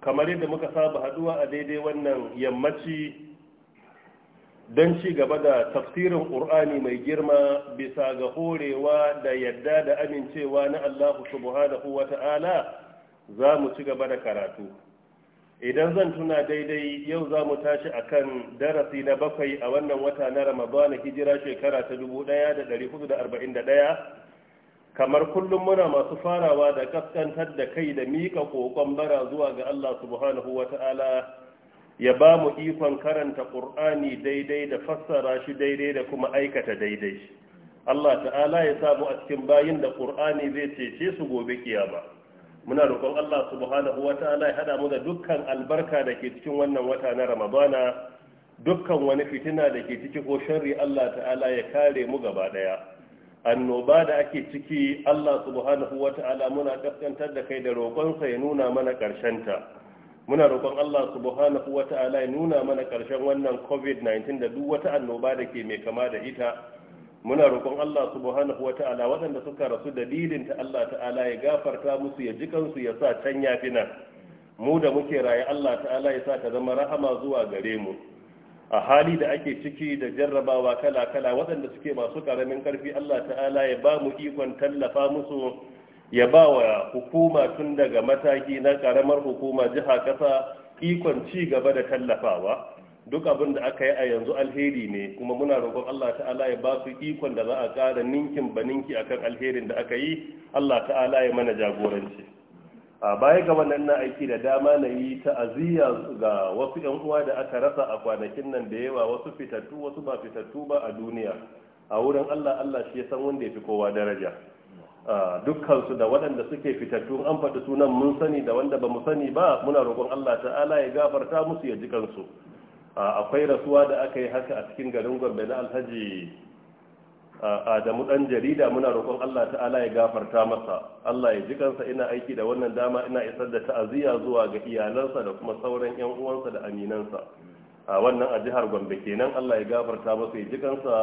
kamar yadda muka saba haduwa a daidai wannan yammaci don ci gaba da tafsirin ƙur'ani mai girma bisa ga horewa da yadda da amincewa na allahu subhanahu wa ta'ala za mu ci gaba da karatu idan zan tuna daidai yau za mu tashi a kan darasi na bakwai a wannan wata na ramadana hijira shekara ta 1441 kamar kullum muna masu farawa da kaskantar da kai da mika kokon bara zuwa ga Allah subhanahu wata'ala ya ba mu ikon karanta ƙur'ani daidai da fassara shi daidai da kuma aikata daidai Allah ta'ala ya samu a cikin bayin da ƙur'ani zai cece su gobe kiyama muna roƙon Allah subhanahu wata'ala ya hada mu da dukkan albarka da ke cikin wannan wata na Ramadana dukkan wani fitina da ke ciki ko sharri Allah ta'ala ya kare mu gaba ɗaya annoba da ake ciki Allah subhanahu wata'ala muna kaskantar da kai da roƙonsa ya nuna mana ta. muna roƙon Allah subhanahu wata'ala ya nuna mana ƙarshen wannan covid-19 da duk wata annoba da ke mai kama da ita muna roƙon Allah subhanahu wata'ala waɗanda suka rasu dalilin ta Allah ta'ala ya gafarta musu ya ji kansu ya sa can yafi nan mu da muke raye Allah ta'ala ya sa ta zama rahama zuwa gare mu a hali da ake ciki da jarrabawa kala-kala waɗanda suke masu ƙaramin ƙarfi Allah ta'ala ya ba mu ikon tallafa musu ya ba wa hukuma tun daga mataki na ƙaramar hukuma jiha ƙasa ikon ci gaba da tallafawa duk abin da aka yi a yanzu alheri ne kuma muna roƙon Allah ta'ala ya ba su ikon da za a ƙara ninkin baninki akan alherin da aka yi Allah ta'ala ya mana jagoranci a baya ga wannan na aiki da dama na yi ta'aziyya ga wasu 'yan uwa da aka rasa a kwanakin nan da yawa wasu fitattu wasu ba fitattu ba a duniya a wurin allah allah shi ya san wanda ya fi kowa daraja dukkansu da waɗanda suke fitattu an faɗi sunan mun sani da wanda ba mu sani ba muna roƙon allah ta'ala ya gafarta musu ya ji kansu akwai rasuwa da aka yi haka a cikin garin gombe na alhaji adamu ɗan jarida muna roƙon Allah ta'ala ya gafarta masa Allah ya ji kansa ina aiki da wannan dama ina isar da ta'aziyya zuwa ga iyalansa da kuma sauran yan uwansa da aminansa a wannan a jihar Gombe kenan Allah ya gafarta masa ya ji kansa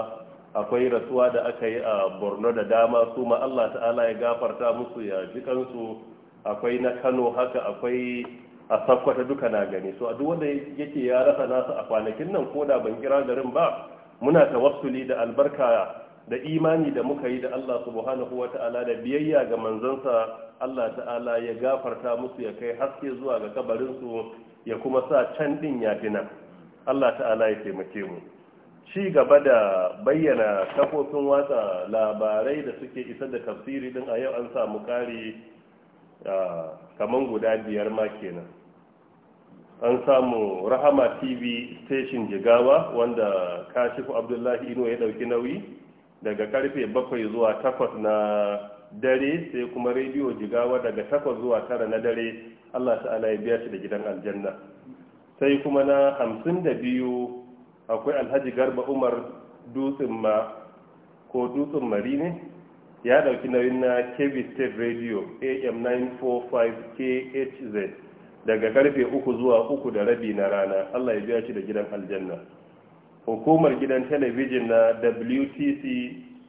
akwai rasuwa da aka yi a Borno da dama su Allah ta'ala ya gafarta musu ya ji kansu akwai na Kano haka akwai a sakwata duka na gani so a duk wanda yake ya rasa nasu a kwanakin nan ko da ban kira garin ba muna tawassuli da albarka da imani da muka yi da Allah subhanahu wa ta'ala da biyayya ga manzansa Allah ta'ala ya gafarta musu ya kai haske zuwa ga kabarinsu ya kuma sa can din ya Allah ta'ala ya taimake mu ci gaba da bayyana kafofin watsa labarai da suke isa da tafsiri din a yau an samu kari kaman guda biyar ma kenan an samu rahama tv station jigawa wanda kashifu abdullahi ino ya dauki nauyi daga karfe bakwai zuwa takwas na dare sai kuma rediyo jigawa daga takwas zuwa tara na dare allah ta'ala ya biya shi da gidan aljanna sai kuma na hamsin da biyu akwai alhaji garba umar dutsen ma ko dutsen mari ya dauki nauyin na kb state radio am 945 khz daga karfe uku zuwa uku da rabi na rana allah ya biya shi da gidan aljanna hukumar gidan talabijin na wtc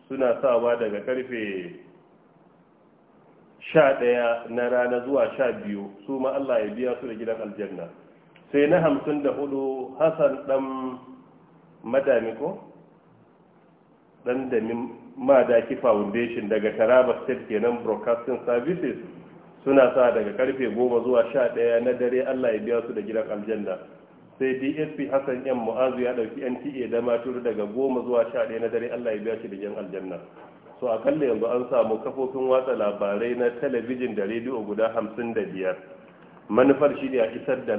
suna sawa daga karfe 11 na rana zuwa 12 su ma allah ya biya su da gidan aljanna sai na 54, da hassan dan madami ko dan da madaki foundation daga taraba state kenan broadcasting services suna sa daga karfe 10 zuwa 11 na dare allah ya biya su da gidan aljanna sai dsp hassan yan mu'azu ya dauki nta da matur daga goma zuwa sha ɗaya na dare allah ya biya shi da yan aljanna a akalla yanzu an samu kafofin watsa labarai na talabijin da rediyo guda hamsin da biyar manufar shi ne a isar da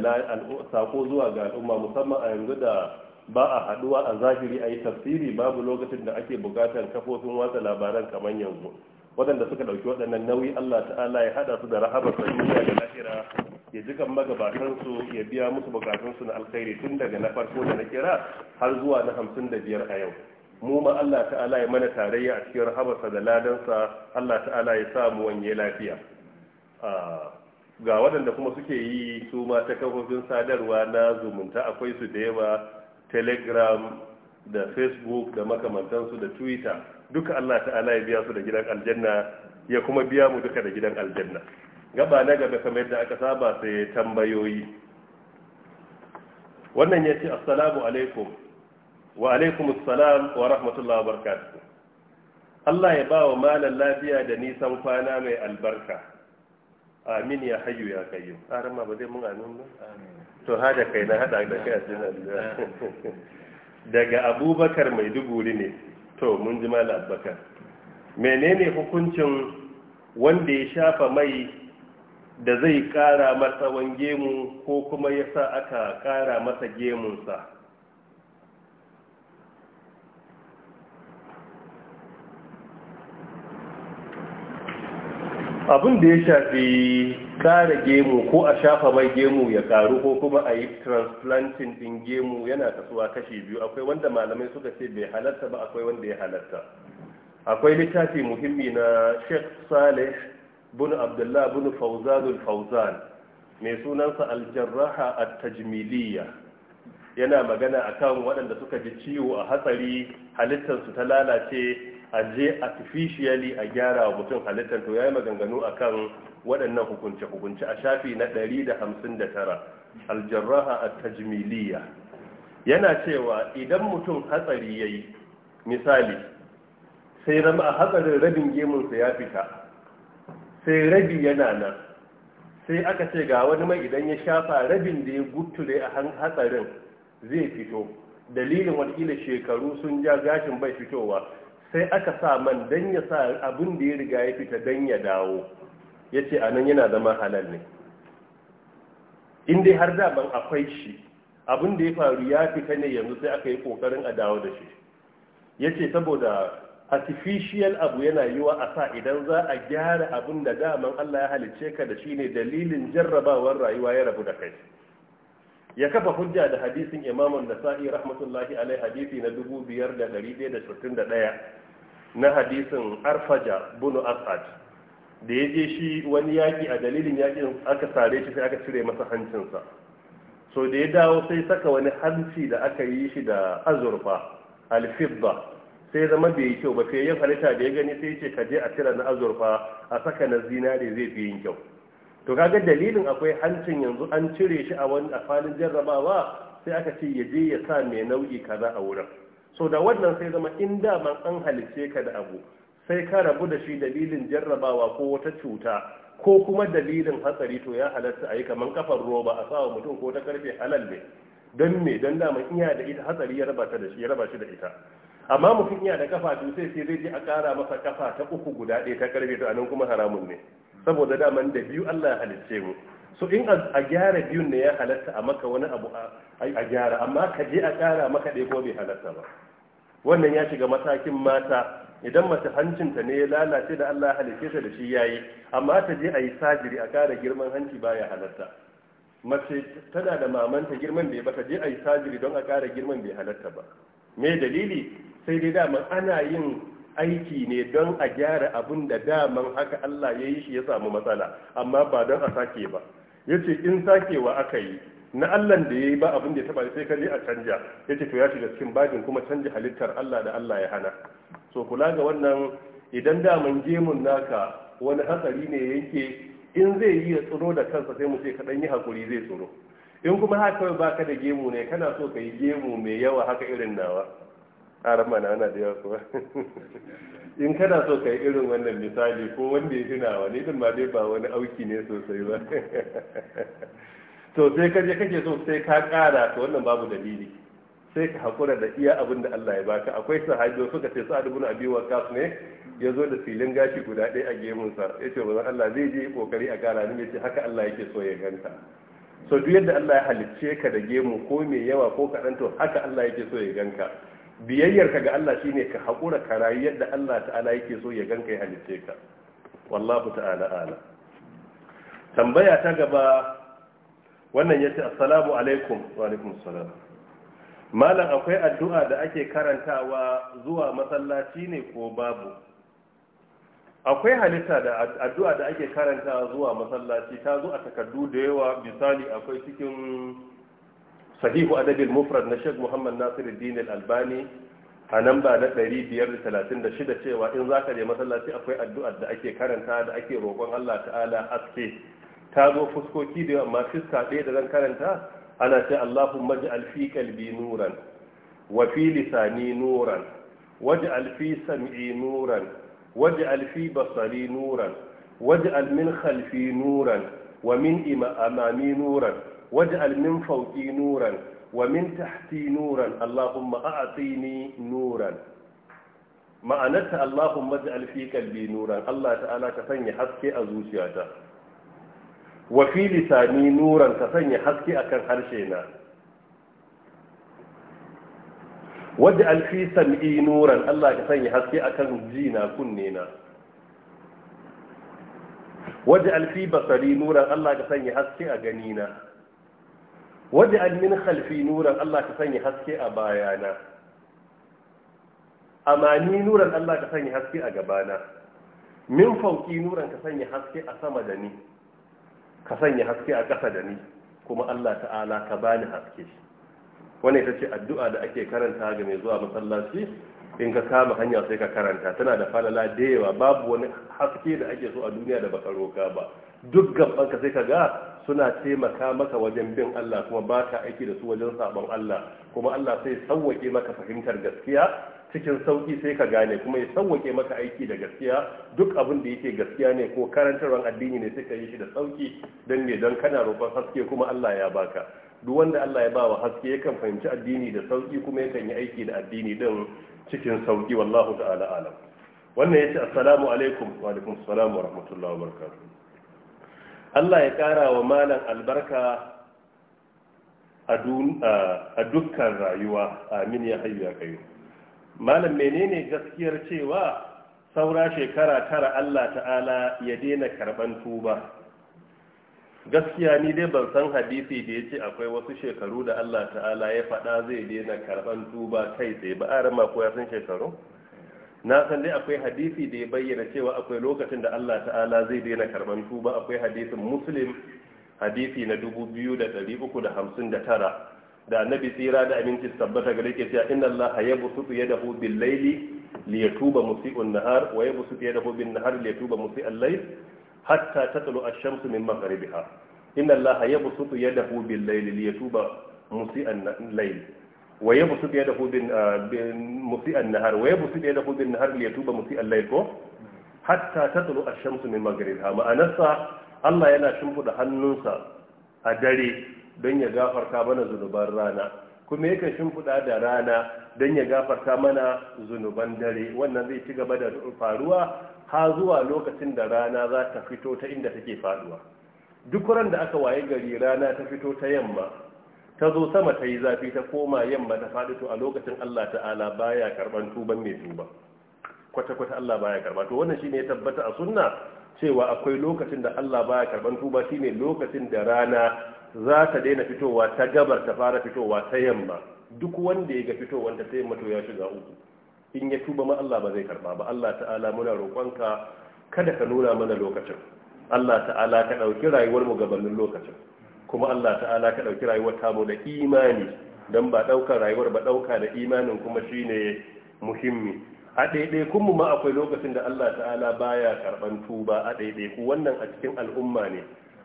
sako zuwa ga al'umma musamman a yanzu da ba a haɗuwa a zahiri a yi tafsiri babu lokacin da ake bukatar kafofin watsa labaran kamar yanzu waɗanda suka ɗauki waɗannan nauyi allah ta'ala ya haɗa su da rahabar duniya da lahira ya ji kan magabatansu ya biya musu bukatunsu na alkhairi tun daga na farko da na kira har zuwa na hamsin da biyar a yau mu ma Allah ta'ala ya mana tarayya a cikin rahabarsa da ladansa Allah ta'ala ya sa mu wanye lafiya ga waɗanda kuma suke yi su ma ta kafofin sadarwa na zumunta akwai su da yawa telegram da facebook da makamantansu da twitter duka Allah ta'ala ya biya su da gidan aljanna ya kuma biya mu duka da gidan aljanna gaba na gaba kamar da aka saba sai tambayoyi wannan ya ce assalamu alaikum wa alaikum assalam wa rahmatullahi wa barakatuh Allah ya ba wa malar lafiya da nisan kwana mai albarka amin ya hayu ya kayu ƙarar ma ba zai mun amin ba to hada kai na hada da kai a cikin daga abubakar mai duguri ne to mun ji malar abubakar menene hukuncin wanda ya shafa mai da zai ƙara masa gemu ko kuma ya sa aka kara masa gemunsa abin da ya shafi kara gemu ko a shafa mai gemu ya karu ko kuma a yi transplanting ɗin gemu yana kasuwa kashi biyu akwai wanda malamai suka ce bai halatta ba akwai wanda ya halatta akwai littafi muhimmi na sheikh saleh bin abdullah bin fauzanul fauzan mai sunansa aljarraha a tajmiliya yana magana akan waɗanda suka ji ciwo a hatsari halittarsu ta lalace a je artificially a gyara wa mutum halittar to ya yi maganganu akan waɗannan hukunce-hukunce a shafi na 159 aljarraha a tajmiliya yana cewa idan mutum hatsari ya yi misali sai zama a hatsarin rabin gemunsa ya fita sai rabi yana nan sai aka ce ga wani mai idan ya shafa rabin da ya guttule a hatsarin zai fito dalilin wadda shekaru sun ja gashin bai fitowa sai aka sa man don ya sa abin da ya riga ya fita dan ya dawo ya ce a yana zama halal ne in dai har daban akwai shi abin da ya faru ya fita ne yanzu sai aka yi kokarin a dawo da shi ya ce saboda artificial abu yana yiwa a sa idan za a gyara abin da daman Allah ya halicce ka da shine dalilin jarrabawar rayuwa ya rabu da kai ya kafa hujja da hadisin da nasai rahmatullahi alai hadisi na 5161 na hadisin Arfaja bunu Asad da ya je shi wani yaki a dalilin yakin aka sare shi sai aka cire masa hancinsa so da ya dawo sai saka wani hanci da aka yi shi da azurfa alfibba sai zama bai yi kyau ba sai yin halitta da ya gani sai ce ka je a cire na azurfa a saka na zinare zai fi yin kyau to kaga dalilin akwai hancin yanzu an cire shi a wani a jarrabawa sai aka ce ya je ya sa mai nau'i kaza a wurin so da wannan sai zama in da man an halicce ka da abu sai ka rabu da shi dalilin jarrabawa ko wata cuta ko kuma dalilin hatsari to ya halatta a yi kamar kafar roba a sawa mutum ko ta karfe halal ne don me don dama iya da ita hatsari ya raba shi da ita amma mutum yana da kafa to sai sai zai je a ƙara masa kafa ta uku guda ɗaya ta karfe to anan kuma haramun ne saboda daman da biyu Allah ya halicce mu so in a gyara biyun ne ya halatta a maka wani abu a gyara amma ka je a ƙara maka ɗaya ko bai halatta ba wannan ya shiga matakin mata idan mace hancinta ne ya lalace da Allah ya halicce ta da shi yayi amma ta je a yi sajiri a ƙara girman hanci baya halatta mace tana da mamanta girman bai ba ta je a yi sajiri don a ƙara girman bai halatta ba me dalili sai dai dama ana yin aiki ne don a gyara abin da daman haka Allah ya yi shi ya samu matsala amma ba don a sake ba ya ce in sakewa aka yi na Allah da ya yi ba abin da ya taba sai kalli a canja ya ce to ya shiga cikin bajin kuma canja halittar Allah da Allah ya hana so kula ga wannan idan daman gemun naka wani hatsari ne yake in zai yi ya tsoro da kansa sai mu ce kaɗan yi hakuri zai tsoro in kuma haka ba ka da gemu ne kana so ka yi gemu mai yawa haka irin nawa ƙarar mana ana da yawa in kana so ka yi irin wannan misali ko wanda ya tuna wani din ma dai ba wani auki ne sosai ba to sai ka je kake so sai ka ƙara to wannan babu dalili sai ka hakura da iya abin da Allah ya baka akwai sahabi suka ce sa'ad ibn abi waqas ne ya zo da filin gashi guda ɗaya a gemunsa ya ce bazan Allah zai je kokari a ƙara ni ce haka Allah yake so ya ganta so duk yadda Allah ya halicce ka da gemu ko mai yawa ko kaɗan to haka Allah yake so ya ganka biyayyarka ga Allah shine ka haƙura ka rayu yadda Allah ta'ala yake so ya ganka ya halitte ka wallahu ta'ala ala tambaya ta gaba wannan yace assalamu alaikum wa alaikum assalam malam akwai addu'a da ake karantawa zuwa masallaci ne ko babu akwai halitta da addu'a da ake karantawa zuwa masallaci ta zo a takardu da yawa misali akwai cikin sahihu adabil mufrad na Sheikh Muhammad Nasiruddin Al-Albani a namba na 536 cewa in zaka je masallaci akwai addu'ar da ake karanta da ake roƙon Allah ta'ala aske ta zo fuskoki da amma fiska ɗaya da zan karanta ana ce Allahumma ij'al fi qalbi nuran wa fi lisani nuran waj'al fi sam'i nuran waj'al fi basari nuran waj'al min khalfi nuran wa min amami nuran waj'al min fawqi nuran wa min tahti nuran allahumma a'tini nuran ma'anarta allahumma ij'al fi qalbi nuran Allah ta'ala ka sanya haske a zuciyata wa fi lisani nuran ka sanya haske akan harshe na waj'al fi sam'i nuran Allah ka sanya haske akan ji na kunne na waje alfi basari nuran Allah ka sanya haske a ganina waje almin khalfi nuran Allah ka sanya haske a bayana amani nuran Allah ka sanya haske a gabana min fauki nuran ka sanya haske a sama da ni ka sanya haske a ƙasa da ni kuma Allah ta'ala ka bani haske wannan ita ce addu'a da ake karanta ga mai zuwa masallaci in ka kama hanya sai ka karanta tana da falala da yawa babu wani haske da ake so a duniya da baka roka ba duk gabanka sai ka ga suna taimaka maka wajen bin Allah kuma ba ka aiki da su wajen sabon Allah kuma Allah sai sauwake maka fahimtar gaskiya cikin sauƙi sai ka gane kuma ya sauwake maka aiki da gaskiya duk abin da yake gaskiya ne ko karantarwar addini ne sai ka yi shi da sauki don me don kana roƙon haske kuma Allah ya baka duk wanda Allah ya bawa haske yakan fahimci addini da sauki kuma yakan yi aiki da addini din cikin sauki wallahu ta'ala alam wannan yace assalamu alaikum wa alaikum assalam wa rahmatullahi wa barakatuh Allah ya ƙara wa malam albarka a dukkan rayuwa amin ya hayu ya kayu malam menene gaskiyar cewa saura shekara tara Allah ta'ala ya daina karban tuba gaskiya ni dai ban san hadisi da ya ce akwai wasu shekaru da Allah ta'ala ya faɗa zai daina karban tuba kai tsaye ba a rama ko ya san shekaru na san dai akwai hadisi da ya bayyana cewa akwai lokacin da Allah ta'ala zai daina karban tuba akwai hadisin muslim hadisi na 2359 da annabi tsira da aminci tabbata gare ke cewa inna Allah ya busutu yadahu bil layli li yatuba musii'un nahar wa ya busutu yadahu bin nahar li yatuba musii'al layl hatta tatlu ash-shamsu min maghribiha inna Allah ya busutu yadahu bil layli li yatuba musii'an layl wa yabsu yadahu bin ah, musi'an nahar wa bin nahar li yatuba musi'an layl ko hatta tatlu ash-shamsu min maghribiha ma'anarsa Allah yana shimfida hannunsa a dare don ya gafarta mana zunuban rana kuma yakan shimfida da rana don ya gafarta mana zunuban dare wannan zai ci gaba da faruwa har zuwa lokacin da rana za ta fito ta inda take faduwa duk ran da aka waye gari rana ta fito ta yamma ta zo sama ta yi zafi ta koma yamma ta faɗi to a lokacin Allah ta'ala baya karban tuban mai tuba kwata-kwata Allah baya karba to wannan shine ya tabbata a sunna cewa akwai lokacin da Allah baya karban tuba shine lokacin da rana za ta daina fitowa ta gabar ta fara fitowa ta yamma duk wanda ya ga fitowar ta yamma to ya shiga uku in ya tuba ma Allah ba zai karba ba Allah ta'ala muna roƙonka kada ka nuna mana lokacin Allah ta'ala ka ɗauki rayuwar mu gabanin lokacin kuma Allah ta'ala ka ɗauki rayuwar tamu da imani don ba ɗaukar rayuwar ba ɗauka da imanin kuma shi ne muhimmi a ɗaiɗaikunmu ma akwai lokacin da Allah ta'ala baya karɓan tuba a ɗaiɗaiku wannan a cikin al'umma ne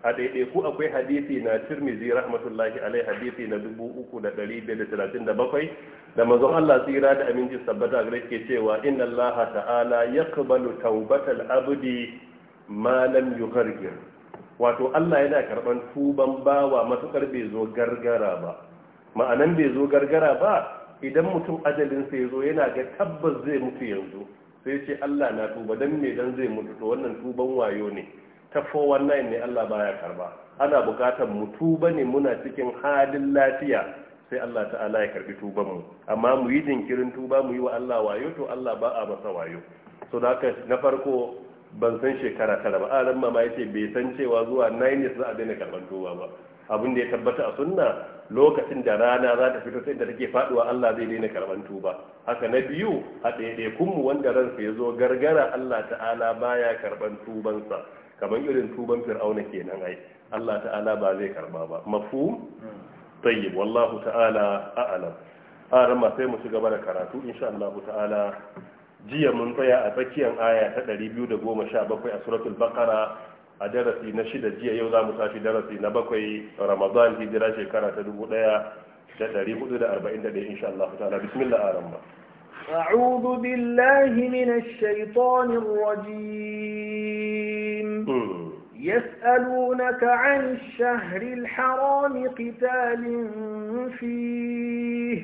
a ɗaiɗaiku akwai hadisi na tirmizi rahmatullahi alai hadisi na uku da da mazan Allah tsira da aminci sabbata ga ke cewa inna Allah ta'ala ya kabalu taubatal abdi ma lam yugargir wato Allah yana karban tuban bawa matukar bai zo gargara ba ma'anan bai zo gargara ba idan mutum ajalin ya zo yana ga tabbas zai mutu yanzu sai ce Allah na tuba dan me dan zai mutu to wannan tuban wayo ne ta 419 ne Allah baya karba ana bukatar mu tuba ne muna cikin halin lafiya sai Allah ta'ala ya karbi tuban mu amma mu yi jinkirin tuba mu yi wa Allah wayo to Allah ba a masa wayo so da haka na farko ban san shekara tara ba alam ma ya ce bai san cewa zuwa 9 za a daina karban tuba ba abin da ya tabbata a sunna lokacin da rana za ta fito sai da take faduwa Allah zai daina karban tuba haka na biyu a kun mu wanda ransa ya zo gargara Allah ta'ala baya karban tubansa kamar irin tuban fir'auna kenan ai Allah ta'ala ba zai karba ba mafhum tayyib wallahu ta'ala a'lam a ran ma sai mu ci gaba da karatu insha Allah ta'ala jiya mun tsaya a tsakiyar aya ta 217 a suratul bakara a darasi na shida jiya yau za mu tashi darasi na bakwai ramadan hijira shekara ta 1441 insha Allah ta'ala bismillah aramba أعوذ بالله من الشيطان الرجيم يسألونك عن الشهر الحرام قتال فيه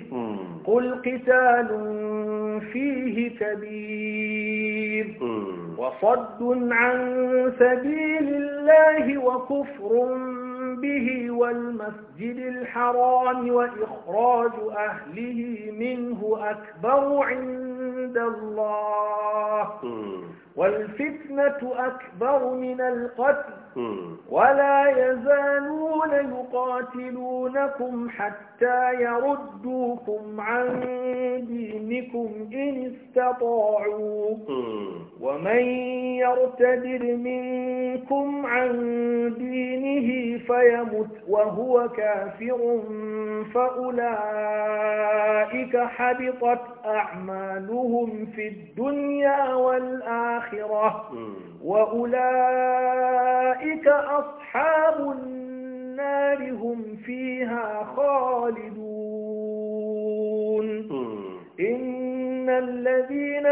قل قتال فيه كبير وصد عن سبيل الله وكفر به والمسجد الحرام وإخراج أهله منه أكبر عند الله والفتنة أكبر من القتل ولا يزالون يقاتلونكم حتى يردوكم عن دينكم إن استطاعوا ومن يرتدر منكم عن دينه فيمت وهو كافر فأولئك حبطت أعمالهم في الدنيا والآخرة الآخرة وأولئك أصحاب النار هم فيها خالدون إن الذين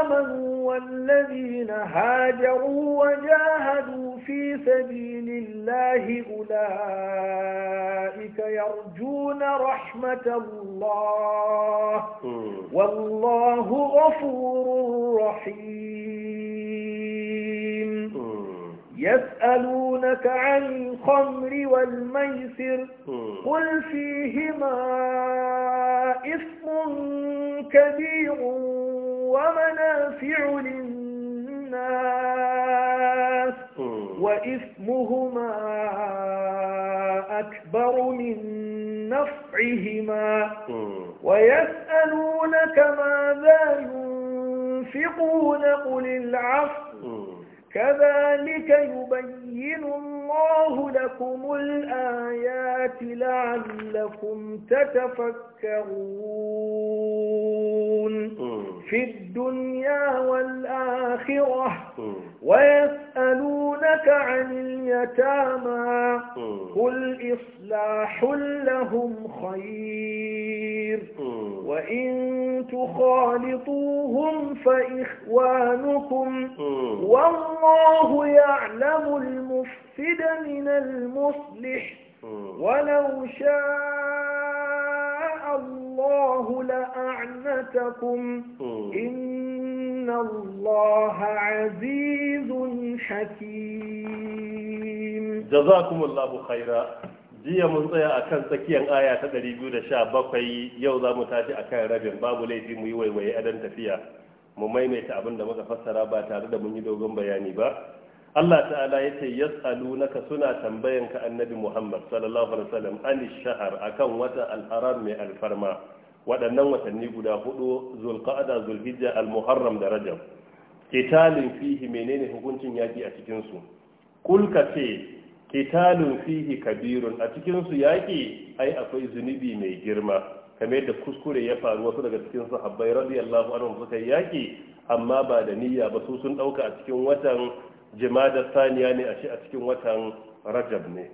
آمنوا والذين هاجروا وجاهدوا في سبيل الله أولئك يرجون رحمة الله والله غفور رحيم يسألون يسألونك عن الخمر والميسر قل فيهما إثم كبير ومنافع للناس وإثمهما أكبر من نفعهما ويسألونك ماذا ينفقون قل العفو كذلك يبين بين الله لكم الآيات لعلكم تتفكرون في الدنيا والآخرة ويسألونك عن اليتامى قل إصلاح لهم خير وإن تخالطوهم فإخوانكم والله يعلم المفتر يفسد من المصلح ولو شاء الله لأعنتكم إن الله عزيز حكيم جزاكم الله خيرا jiya mun tsaya akan tsakiyar aya ta 217 yau za mu tashi akan rabin babu laifi mu yi waiwaye adan tafiya mu maimaita abin da muka fassara ba tare da mun yi dogon bayani ba Allah ta'ala ya ce naka suna tambayan ka annabi Muhammad sallallahu alaihi wasallam an shahar a kan wata al mai alfarma waɗannan watanni guda hudu zulqa'ada zulhijja al-muharram da rajab Kitalin fihi menene hukuncin yaƙi a cikinsu? kul ka ce kitalin fihi kabirun a cikinsu yaƙi? ai akwai zunubi mai girma kamar da kuskure ya faru wasu daga cikin sahabbai radiyallahu anhu suka yaƙi? amma ba da niyya ba su sun ɗauka a cikin watan jimada saniya ne a shi a cikin watan rajab ne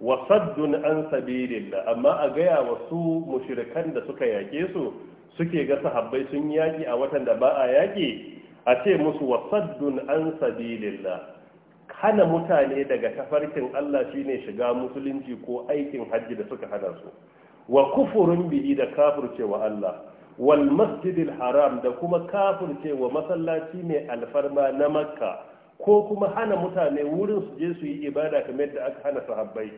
wa saddun an sabilillah amma a gaya wa su mushrikan da suka yake su suke ga sahabbai sun yaki a watan da ba a yaki a ce musu wa saddun an sabilillah hana mutane daga tafarkin Allah shine shiga musulunci ko aikin hajji da suka hada su wa kufurun bihi da kafircewa Allah wal masjidil haram da kuma kafircewa masallaci mai alfarma na makka ko kuma hana mutane wurin su je su yi ibada kamar yadda aka hana sahabbai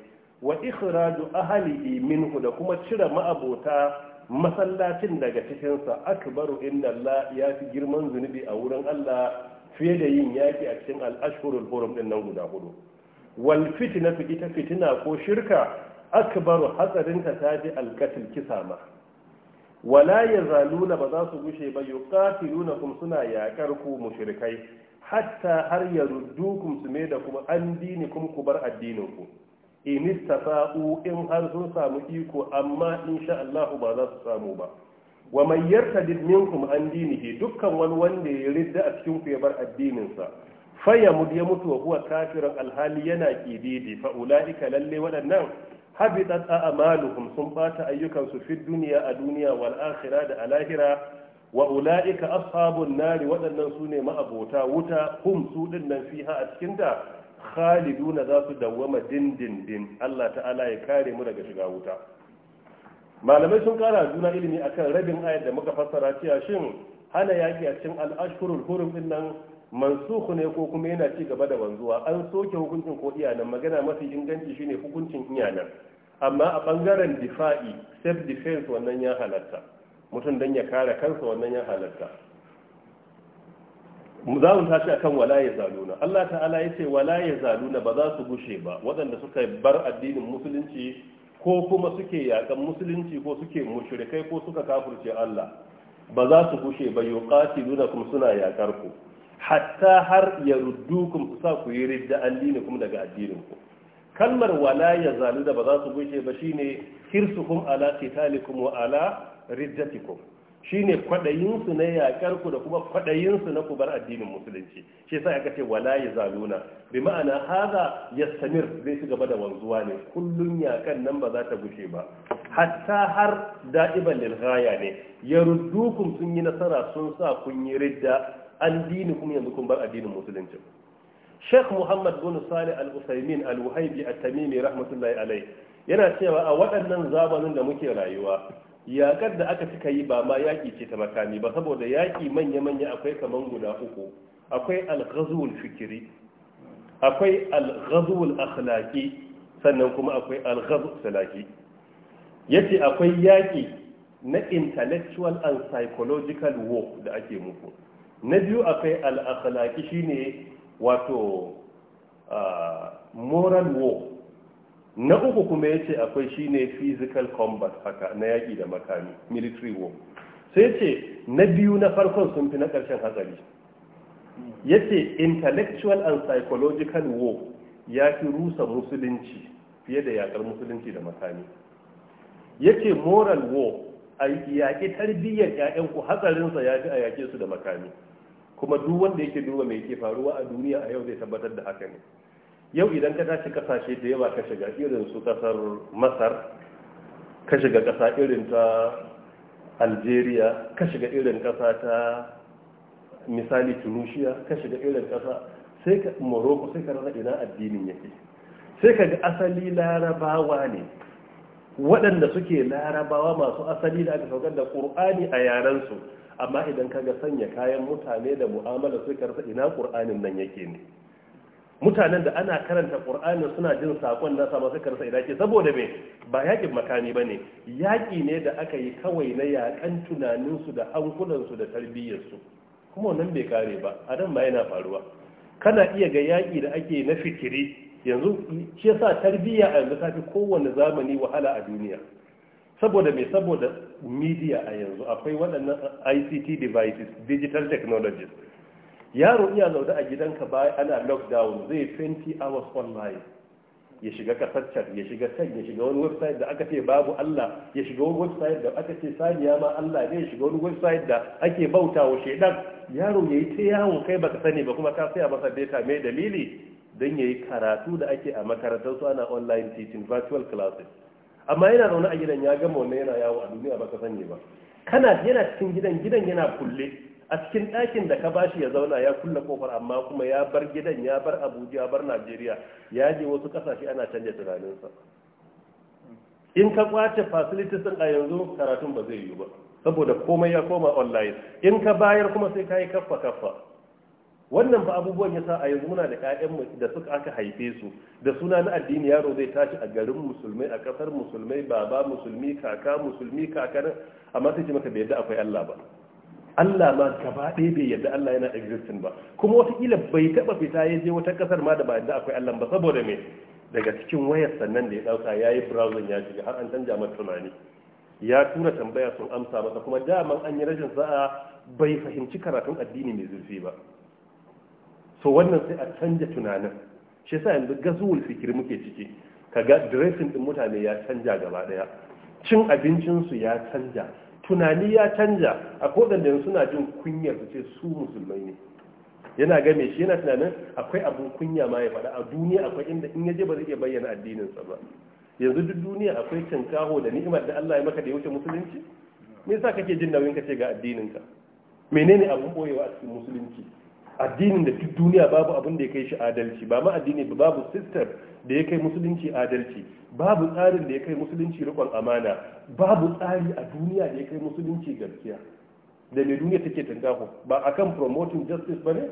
wa ikhraju ahlihi minhu da kuma cire ma'abota masallacin daga sa akbaru inda Allah ya fi girman zunubi a wurin Allah fiye da yin yaki a cikin al-ashhurul hurum din nan guda hudu wal fitna fi ita fitina ko shirka akbaru hatsarin ta taji al kisa ma wala yazaluna ba za su gushe ba yuqatilunakum suna yakar ku mushrikai hatta har ya ruddu su mai da kuma an dini kuma ku bar addininku in istafa'u in har sun samu iko amma insha Allah ba za su samu ba wa man yartadid minkum an dinihi dukkan wani wanda ya ridda a cikin ku ya bar addininsa fayamud ya mutu wa huwa kafirun alhali yana kididi fa ulaika lalle waɗannan habitat a'maluhum sun bata su fi duniya a duniya wal akhirah da alahira wa ula'ika ashabun nari waɗannan su ne ma'abota wuta hum su nan fi ha a cikinta khaliduna za su dawwama dindindin Allah ta'ala ya kare mu daga shiga wuta malamai sun kara juna ilimi akan rabin ayat da muka fassara cewa shin hana yaki a cikin al-ashhurul hurum din nan mansukhu ne ko kuma yana ci gaba da wanzuwa an soke hukuncin ko iyanan magana mafi inganci shine hukuncin iyanan amma a bangaren difa'i self defense wannan ya halatta mutum don ya kare kansa wannan ya halatta za mu tashi akan wala ya zaluna Allah ta'ala ya ce wala ya zaluna ba za su gushe ba waɗanda suka bar addinin musulunci ko kuma suke yakan musulunci ko suke mushrikai ko suka kafurce Allah ba za su gushe ba yuqatiluna kuma suna yakar ku hatta har ya yaruddukum sa ku yi ridda kuma daga addinin ku kalmar wala ya zalu da ba za su gushe ba shine hirsukum ala qitalikum wa ala riddatikum shine kwadayin su na yakar ku da kuma kwadayin su na kubar addinin musulunci shi yasa aka ce wala ya zaluna bi ma'ana haza yastamir zai ci gaba da wanzuwa ne kullun yakan nan ba za ta gushe ba hatta har da'iban lil ghaya ne yaruddukum sun yi nasara sun sa kun yi ridda an dini kuma yanzu kun bar addinin musulunci Sheikh Muhammad bin Salih Al-Usaimin Al-Wahibi At-Tamimi rahmatullahi alayh yana cewa a waɗannan zamanin da muke rayuwa yaƙar da aka cika yi ba ma yaƙi ce ta makami ba saboda yaƙi manya-manya akwai kamar guda uku akwai al-ghazwul fikri akwai al-ghazwul akhlaqi sannan kuma akwai al-ghazwul salaki yace akwai yaƙi na intellectual and psychological war da ake muku na biyu akwai al-akhlaqi shine wato moral war na uku kuma ya ce akwai shine physical combat haka na yaƙi da makami military war sai ce na biyu na farkon sun fi na ƙarshen hatsari ya ce intellectual and psychological war ya fi rusa musulunci fiye da yaƙar musulunci da makami ya ce moral war a yaƙi tarbiyyar 'ya'yanku hatsarinsa ya fi a yaƙe su da makami kuma duk wanda yake duba mai ke faruwa a duniya a yau zai tabbatar da haka ne yau idan ka tashi kasashe da yawa ka shiga irin su kasar masar ka shiga kasa irin ta algeria ka shiga irin kasa ta misali tunisia ka shiga irin kasa sai ka morocco sai ka rana ina addinin yake sai ka ga asali larabawa ne waɗanda suke larabawa masu asali da aka saukar da ƙur'ani a yarensu amma idan kaga sanya kayan mutane da mu'amala sai ka ina qur'anin nan yake ne mutanen da ana karanta qur'ani suna jin sakon nasa ma sai ka ina ke saboda me ba yakin makami bane yaki ne da aka yi kawai na yakan tunanin su da hankulan su da tarbiyyar su kuma wannan bai kare ba a dan ma yana faruwa kana iya ga yaki da ake na fikiri yanzu shi yasa tarbiyya a yanzu ta fi kowane zamani wahala a duniya saboda mai saboda media a yanzu akwai waɗannan ict devices digital technologies yaro iya zaune a gidanka ba ana lockdown zai fenti hours online ya shiga kasar ya shiga can ya shiga wani website da aka ce babu Allah ya shiga wani website da aka ce saniya ma Allah ne ya shiga wani website da ake bauta wa shaidan yaro yayi ta yawo kai baka sani ba kuma ka saya masa data mai dalili don yayi karatu da ake a makarantar su ana online teaching virtual classes amma yana zaune a gidan ya gama wannan yana yawo a duniya ba ka sani ba kana yana cikin gidan gidan yana kulle a cikin ɗakin da ka ba shi ya zauna ya kulle kofar amma kuma ya bar gidan ya bar abuja ya bar najeriya ya je wasu ƙasashe ana canja tunaninsa in ka kwace facilities din a yanzu karatun ba zai yiwu ba saboda komai ya koma online in ka bayar kuma sai ka yi kaffa kaffa wannan ba abubuwan yasa a yanzu muna da ƴaƴan da suka aka haife su da suna na addini yaro zai tashi a garin musulmai a kasar musulmai baba musulmi kaka musulmi kakanin amma sai ji maka bai yadda akwai Allah ba Allah ma gaba ɗaya bai yadda Allah yana existing ba kuma wata kila bai taba fita ya je wata kasar ma da ba yadda akwai Allah ba saboda me daga cikin wayar sannan da ya ɗauka ya yi browsing ya shiga har an canja masa tunani ya tura tambaya sun amsa masa kuma daman an yi rashin sa'a bai fahimci karatun addini mai zurfi ba so wannan sai a canja tunanin shi sa yanzu gazuwul fikir muke ciki kaga dressing din mutane ya canja gaba daya cin abincinsu ya canja tunani ya canja a da suna jin kunyar su ce su musulmai ne yana game shi yana tunanin akwai abun kunya ma ya faɗa a duniya akwai inda in yaje ba zai iya bayyana addininsa ba yanzu duk duniya akwai cankaho da ni'imar da Allah ya maka da ya wuce musulunci me yasa kake jin nauyin ka ce ga addininka menene abin boyewa a cikin musulunci addinin da duk duniya babu abin da ya kai shi adalci ba ma addini ba babu sister da ya kai musulunci adalci babu tsarin da ya kai musulunci rikon amana babu tsari a duniya da ya kai musulunci gaskiya da mai duniya take tangaho ba a kan promoting justice ba ne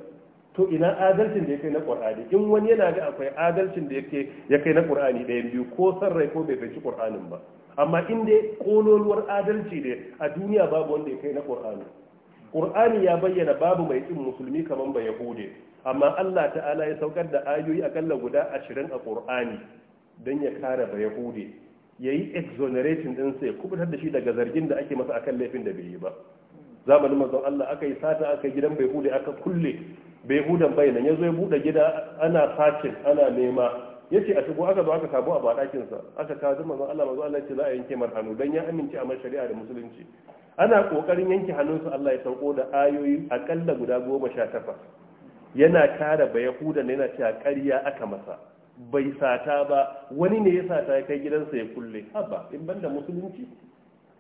to ina adalcin da ya kai na qur'ani in wani yana ga akwai adalcin da yake ya kai na qur'ani ɗayan biyu ko san rai ko bai fahimci qur'anin ba amma in dai kololuwar adalci ne a duniya babu wanda ya kai na qur'ani ƙur'ani ya bayyana babu mai ƙin musulmi kamar ba yahude amma allah ta'ala ya saukar da ayoyi akalla guda ashirin a ƙur'ani don ya kare ba yahude ya yi exonerating ɗin sai kubutar da shi daga zargin da ake masa akan laifin da bai yi ba zamanin manzon allah aka yi sata aka gidan bai hude aka kulle bai hudan bayanan ya zo ya buɗe gida ana sacin ana nema ya ce a shigo aka zo aka kabo a baɗakinsa aka kawo manzon allah manzon allah ce za a yanke mar hannu don ya amince a mai shari'a da musulunci ana ƙoƙarin yanke hannunsu Allah ya sauko da ayoyi akalla guda goma sha takwas yana kare ba yahuda ne yana a ƙarya aka masa bai sata ba wani ne ya sata ya kai gidansa ya kulle haba in banda musulunci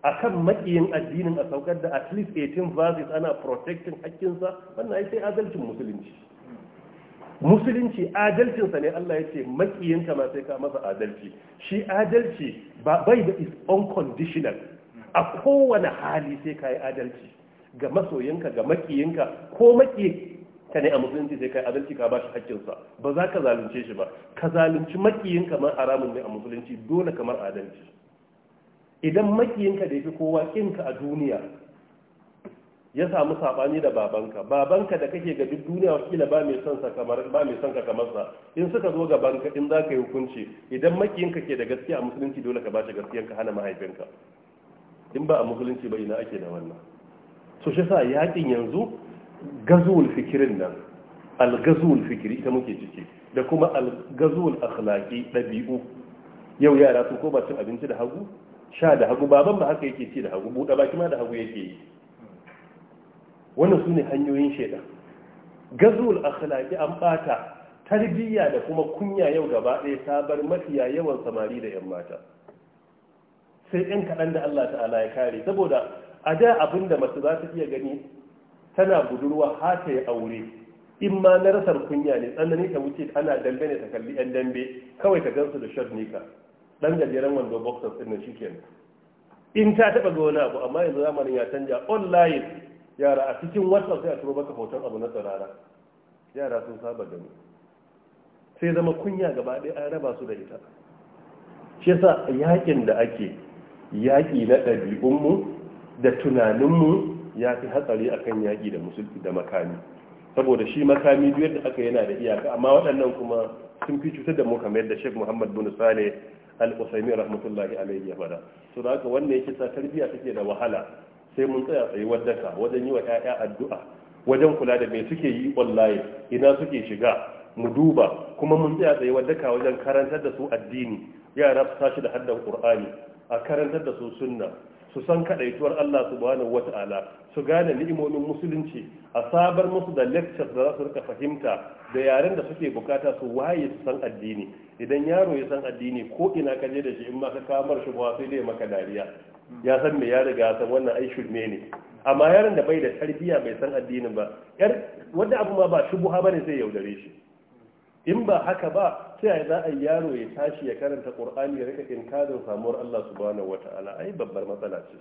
A kan makiyin addinin a saukar da at least 18 verses ana protecting hakkinsa wannan ai sai adalcin musulunci musulunci adalcinsa ne Allah ya ce makiyinka ma sai ka masa adalci shi adalci ba bai da is unconditional a kowane hali sai ka yi adalci ga masoyinka ga makiyinka ko maki ka ne a musulunci sai ka yi adalci ka ba shi hakkinsa ba za ka zalunce shi ba ka zalunci makiyin kamar haramun ne a musulunci dole kamar adalci idan makiyinka da yafi kowa kinka a duniya ya samu sabani da babanka babanka da kake ga duk duniya wakila ba mai son sa kamar ba mai son ka kamar sa in suka zo gaban ka in za ka yi hukunci idan makiyinka ke da gaskiya a musulunci dole ka ba shi gaskiyanka hana mahaifinka in ba a musulunci ba ina ake da wannan so shi sa yakin yanzu gazuwar fikirin nan algazuwul fikiri ita muke ciki da kuma algazul akhlaqi ɗabi'u. yau yara sun ko cin abinci da hagu sha da hagu baban ba haka yake ci da hagu buɗa baki ma da hagu yake yi wannan su ne hanyoyin shaidan gazuwar akhlaqi an bata tarbiyya da kuma kunya yau gaba ɗaya sabar mafiya yawan samari da 'yan mata sai 'yan kaɗan da Allah ta'ala ya kare saboda a da abin da masu za ta iya gani tana budurwa hata ya aure in ma na rasar kunya ne tsanani ta wuce ana dambe ne ta kalli yan dambe kawai ka gansu da shot nika dan gajeren wando boxers din nan in ta taɓa ga wani abu amma yanzu zamanin ya canja online yara a cikin whatsapp sai a turo baka hoton abu na tsarara yara sun saba mu sai zama kunya gaba ɗaya an raba su da ita shi yasa yakin da ake yaƙi na ɗabi'unmu da tunaninmu ya fi hatsari a kan yaƙi da musulki da makami saboda shi makami biyar da aka yana da iyaka amma waɗannan kuma sun fi cutar da mu kamar yadda Sheikh Muhammad bin sale Al-Usaimi rahmatullahi alaihi ya fada to da haka wannan yake sa tarbiyya take da wahala sai mun tsaya tsaye wadaka wajen yi wa ƴaƴa addu'a wajen kula da me suke yi online ina suke shiga mu duba kuma mun tsaya tsaye wadaka wajen karantar da su addini yara su tashi da haddan Qur'ani a karantar da su sunna su san kadaituwar Allah subhanahu wata'ala su gane ni'imomin musulunci a sabar musu da lectures da za su rika fahimta da yaren da suke bukata su waye su san addini idan yaro ya san addini ko ina ka je da shi in ma ka kamar shi ba sai dai maka dariya ya san me ya riga san wannan ai shirme ne amma yaron da bai da tarbiyya bai san addinin ba yar wanda abu ma ba shubuha bane sai yaudare shi in ba haka ba sai za a yaro ya tashi ya karanta qur'ani ya rika inkarin samuwar Allah subhanahu wata'ala ai babbar matsala ce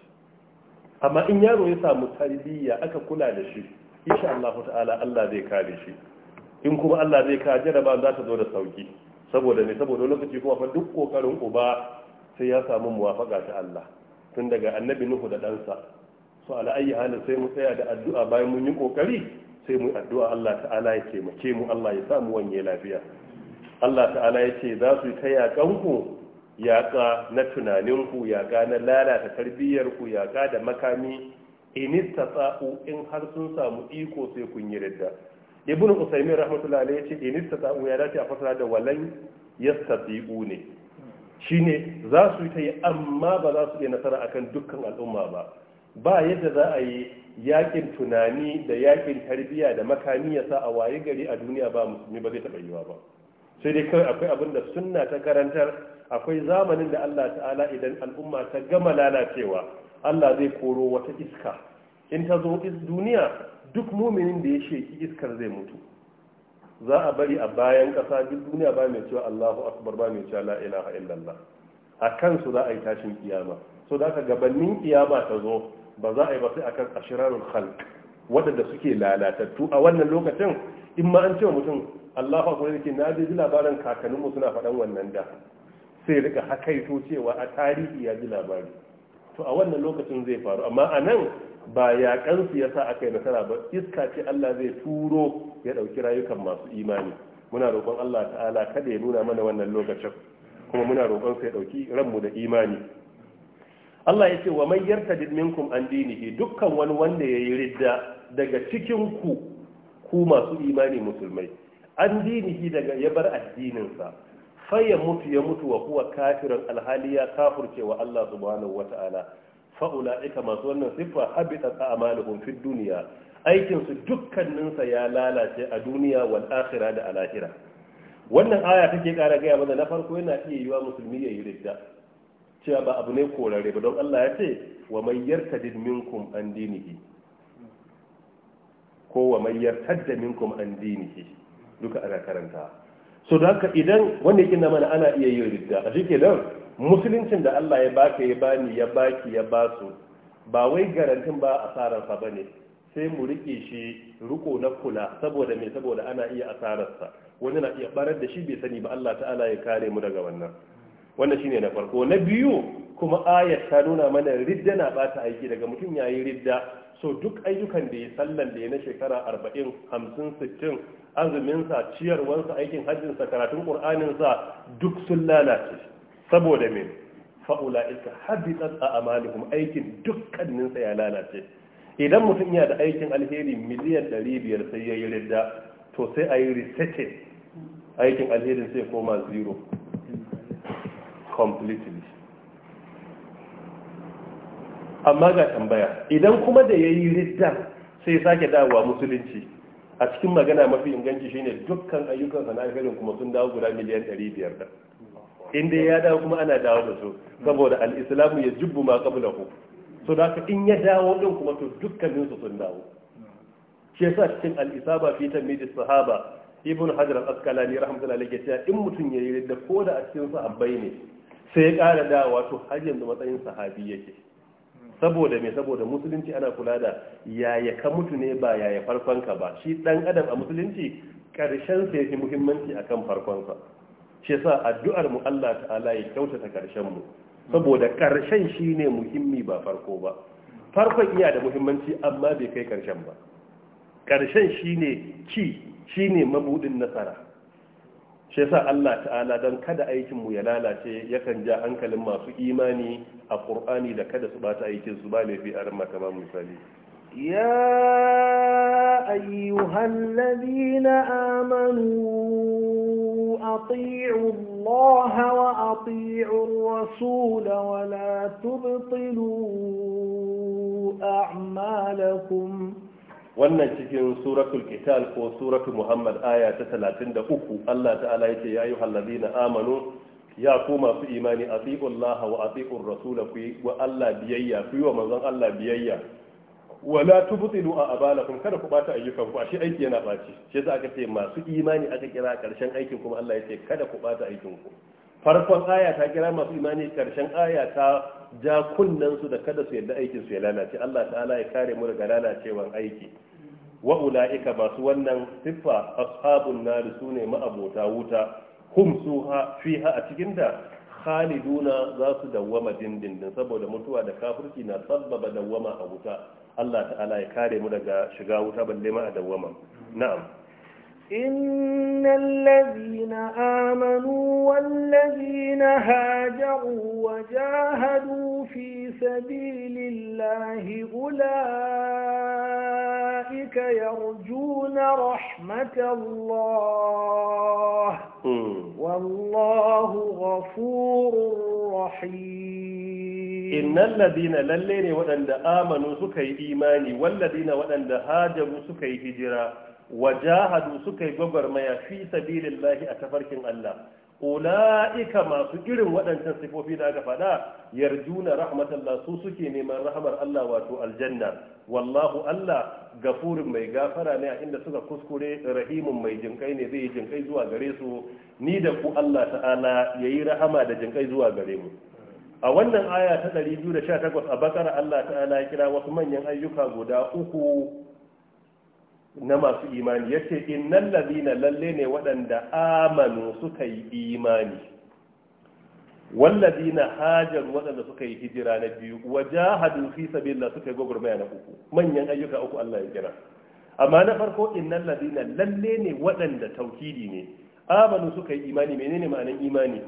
amma in yaro ya samu tarbiyya aka kula da shi insha Allah ta'ala Allah zai kare shi in kuma Allah zai kare jaraba za ta zo da sauki saboda ne saboda lokaci kuma fa duk kokarin uba sai ya samu muwafaka ta Allah tun daga annabi Nuhu da ɗansa so ala ayyi halin sai mu tsaya da addu'a bayan mun yi kokari sai mu addu'a Allah ta'ala ya taimake mu Allah ya samu wanye lafiya Allah ta'ala ya ce za su yi ta yaƙanku yaƙa na tunanin ku yaƙa na lalata tarbiyyarku yaƙa da makami inista tsa'u in har sun samu iko sai kun yi ridda ibn usaymin rahmatullahi ya ce inista tsa'u ya dace a fasara da walan yastati'u ne shine za su yi ta yi amma ba za su iya nasara akan dukkan al'umma ba ba yadda za a yi yakin tunani da yakin tarbiyya da makami ya sa a waye gari a duniya ba musulmi ba zai taɓa yiwa ba sai dai kawai akwai abin da sunna ta karantar akwai zamanin da Allah ta'ala idan al'umma ta gama lalacewa Allah zai koro wata iska in ta zo duniya duk muminin da ya sheki iskar zai mutu za a bari a bayan ƙasa duk duniya ba mai cewa Allahu akbar ba mai cewa la ilaha illallah a kansu za a yi tashin kiyama so da aka gabanin kiyama ta zo ba za a yi ba sai akan ashirarul khalq waɗanda suke lalatattu a wannan lokacin in ma an ce mutum Allahu akbar yake na ji labarin kakannin mu suna faɗan wannan da sai rika hakaito cewa a tarihi ya ji labari to a wannan lokacin zai faru amma a nan ba kansu ya sa aka yi nasara ba iska ce Allah zai turo ya ɗauki rayukan masu imani muna roƙon Allah ta'ala kada ya nuna mana wannan lokacin kuma muna roƙon sa ya ɗauki ranmu da imani Allah ya ce wa man yartadid minkum an dinihi dukkan wani wanda ya yi ridda daga cikin ku ku masu imani musulmai an dinihi daga ya bar addininsa fa ya mutu ya mutu wa kuwa kafirun alhali ya kafurce wa Allah subhanahu ta'ala fa ulaika masu wannan siffa habitat a'maluhum fid dunya aikin su dukkaninsa ya lalace a duniya wal akhirah da alahira wannan aya take kara gaya mana na farko yana iya yiwa musulmi ya yi ridda cewa ba abu ne korare ba don Allah ya ce wa mai yartadid minkum an dinihi ko wa mai da minkum an dinihi duka ana karanta so da haka idan wanda yake na mana ana iya yin ridda a shike nan musuluncin da Allah ya baka ya bani ya baki ya basu ba wai garantin ba a asararsa ba ne sai mu rike shi riko na kula saboda me saboda ana iya asararsa wani na iya barar da shi bai sani ba Allah ta'ala ya kare mu daga wannan wannan shine na farko na biyu kuma ayat ta nuna mana ridda na bata aiki daga mutum yayi ridda so duk ayyukan da ya sallan da ya na shekara 40 50 60 azumin sa ciyarwansa aikin hajjin sa karatun qur'anin sa duk sun lalace saboda me fa'ula ulaika habitat a amalihum aikin dukkanin sa ya lalace idan mutum ya da aikin alheri miliyan 500 sai yayi ridda to sai ayi resetting aikin alherin sai koma zero completely amma ga tambaya idan kuma da ya yi ridda sai sake dawowa musulunci a cikin magana mafi inganci shine dukkan ayyukan garin kuma sun dawo guda miliyan 500 da inda ya dawo kuma ana dawo da su saboda al'islamu ya jubbu ma kabla ku so da haka in ya dawo din kuma to dukkanin su sun dawo shi yasa cikin al'isaba fi tamidi sahaba ibn hajar al-asqalani rahmatullahi alayhi ya ce in mutun yayi da ko da a cikin sahabbai ne sai ya ƙara da wato har yanzu matsayin sahabi yake saboda mai saboda musulunci ana kula da yaya ka mutu ne ba yaya farkonka ba shi ɗan adam a musulunci karshen sai fi muhimmanci akan farkon sa shi sa addu'ar mu Allah ta'ala ya kyautata karshen mu saboda karshen shine muhimmi ba farko ba farkon iya da muhimmanci amma bai kai karshen ba karshen shine ci shine mabuɗin nasara shi yasa Allah ta'ala don kada aikin mu ya lalace yakan ja hankalin masu imani a ƙur'ani da kada su bata aikin su ba laifi a ran maka ba misali يا أيها الذين آمنوا أطيعوا wasu da wala ولا a malakun. wannan cikin suratul qital ko suratul muhammad aya ta 33 Allah ta'ala yace ya ayyuhal amanu ya ku masu imani atiullaha wa atiur rasul ku wa Allah biyayya ku wa manzon Allah biyayya wala tubtilu a'malakum kada ku bata ayyukan ku ashe aiki yana baci shi yasa ka ce masu imani aka kira karshen aikin kuma Allah yace kada ku bata aikin ku farkon aya ta kira masu imani karshen aya ta ja kunnansu da kada su yadda su ya lalace Allah ta'ala ya kare mu daga lalacewan aiki wa ula'ika masu wannan siffa ashabun nari su ne ma'abota wuta hum su fiha a cikin da khaliduna za su dawwama dindindin saboda mutuwa da kafirci na sabbaba dawwama a wuta Allah ta'ala ya kare mu daga shiga wuta balle ma a dawwama na'am إن الذين آمنوا والذين هاجروا وجاهدوا في سبيل الله أولئك يرجون رحمة الله والله غفور رحيم إن الذين للين وأن آمنوا سكي إيماني والذين وأن هاجروا سكي هجرا wajahadu suka yi gwagwarmaya fi sabilillahi a tafarkin Allah ula'ika masu irin waɗancan sifofi da aka faɗa yarjuna rahmatallah su suke neman rahmar Allah wato aljanna wallahu Allah gafurin mai gafara ne a inda suka kuskure rahimun mai jinkai ne zai yi jinkai zuwa gare su ni da ku Allah ta'ala yayi rahama da jinkai zuwa gare mu a wannan aya ta ɗari sha 218 a bakara Allah ta'ala ya kira wasu manyan ayyuka guda uku na masu imani ya ce innan labina lalle ne waɗanda amanu suka yi imani wallabina hajar waɗanda suka yi hijira na biyu wajahadu fi sabila suka yi gwagwarmaya na uku manyan ayyuka uku Allah ya kira amma na farko innan labina lalle ne waɗanda Tauhidi ne amanu suka yi imani menene ma'anan imani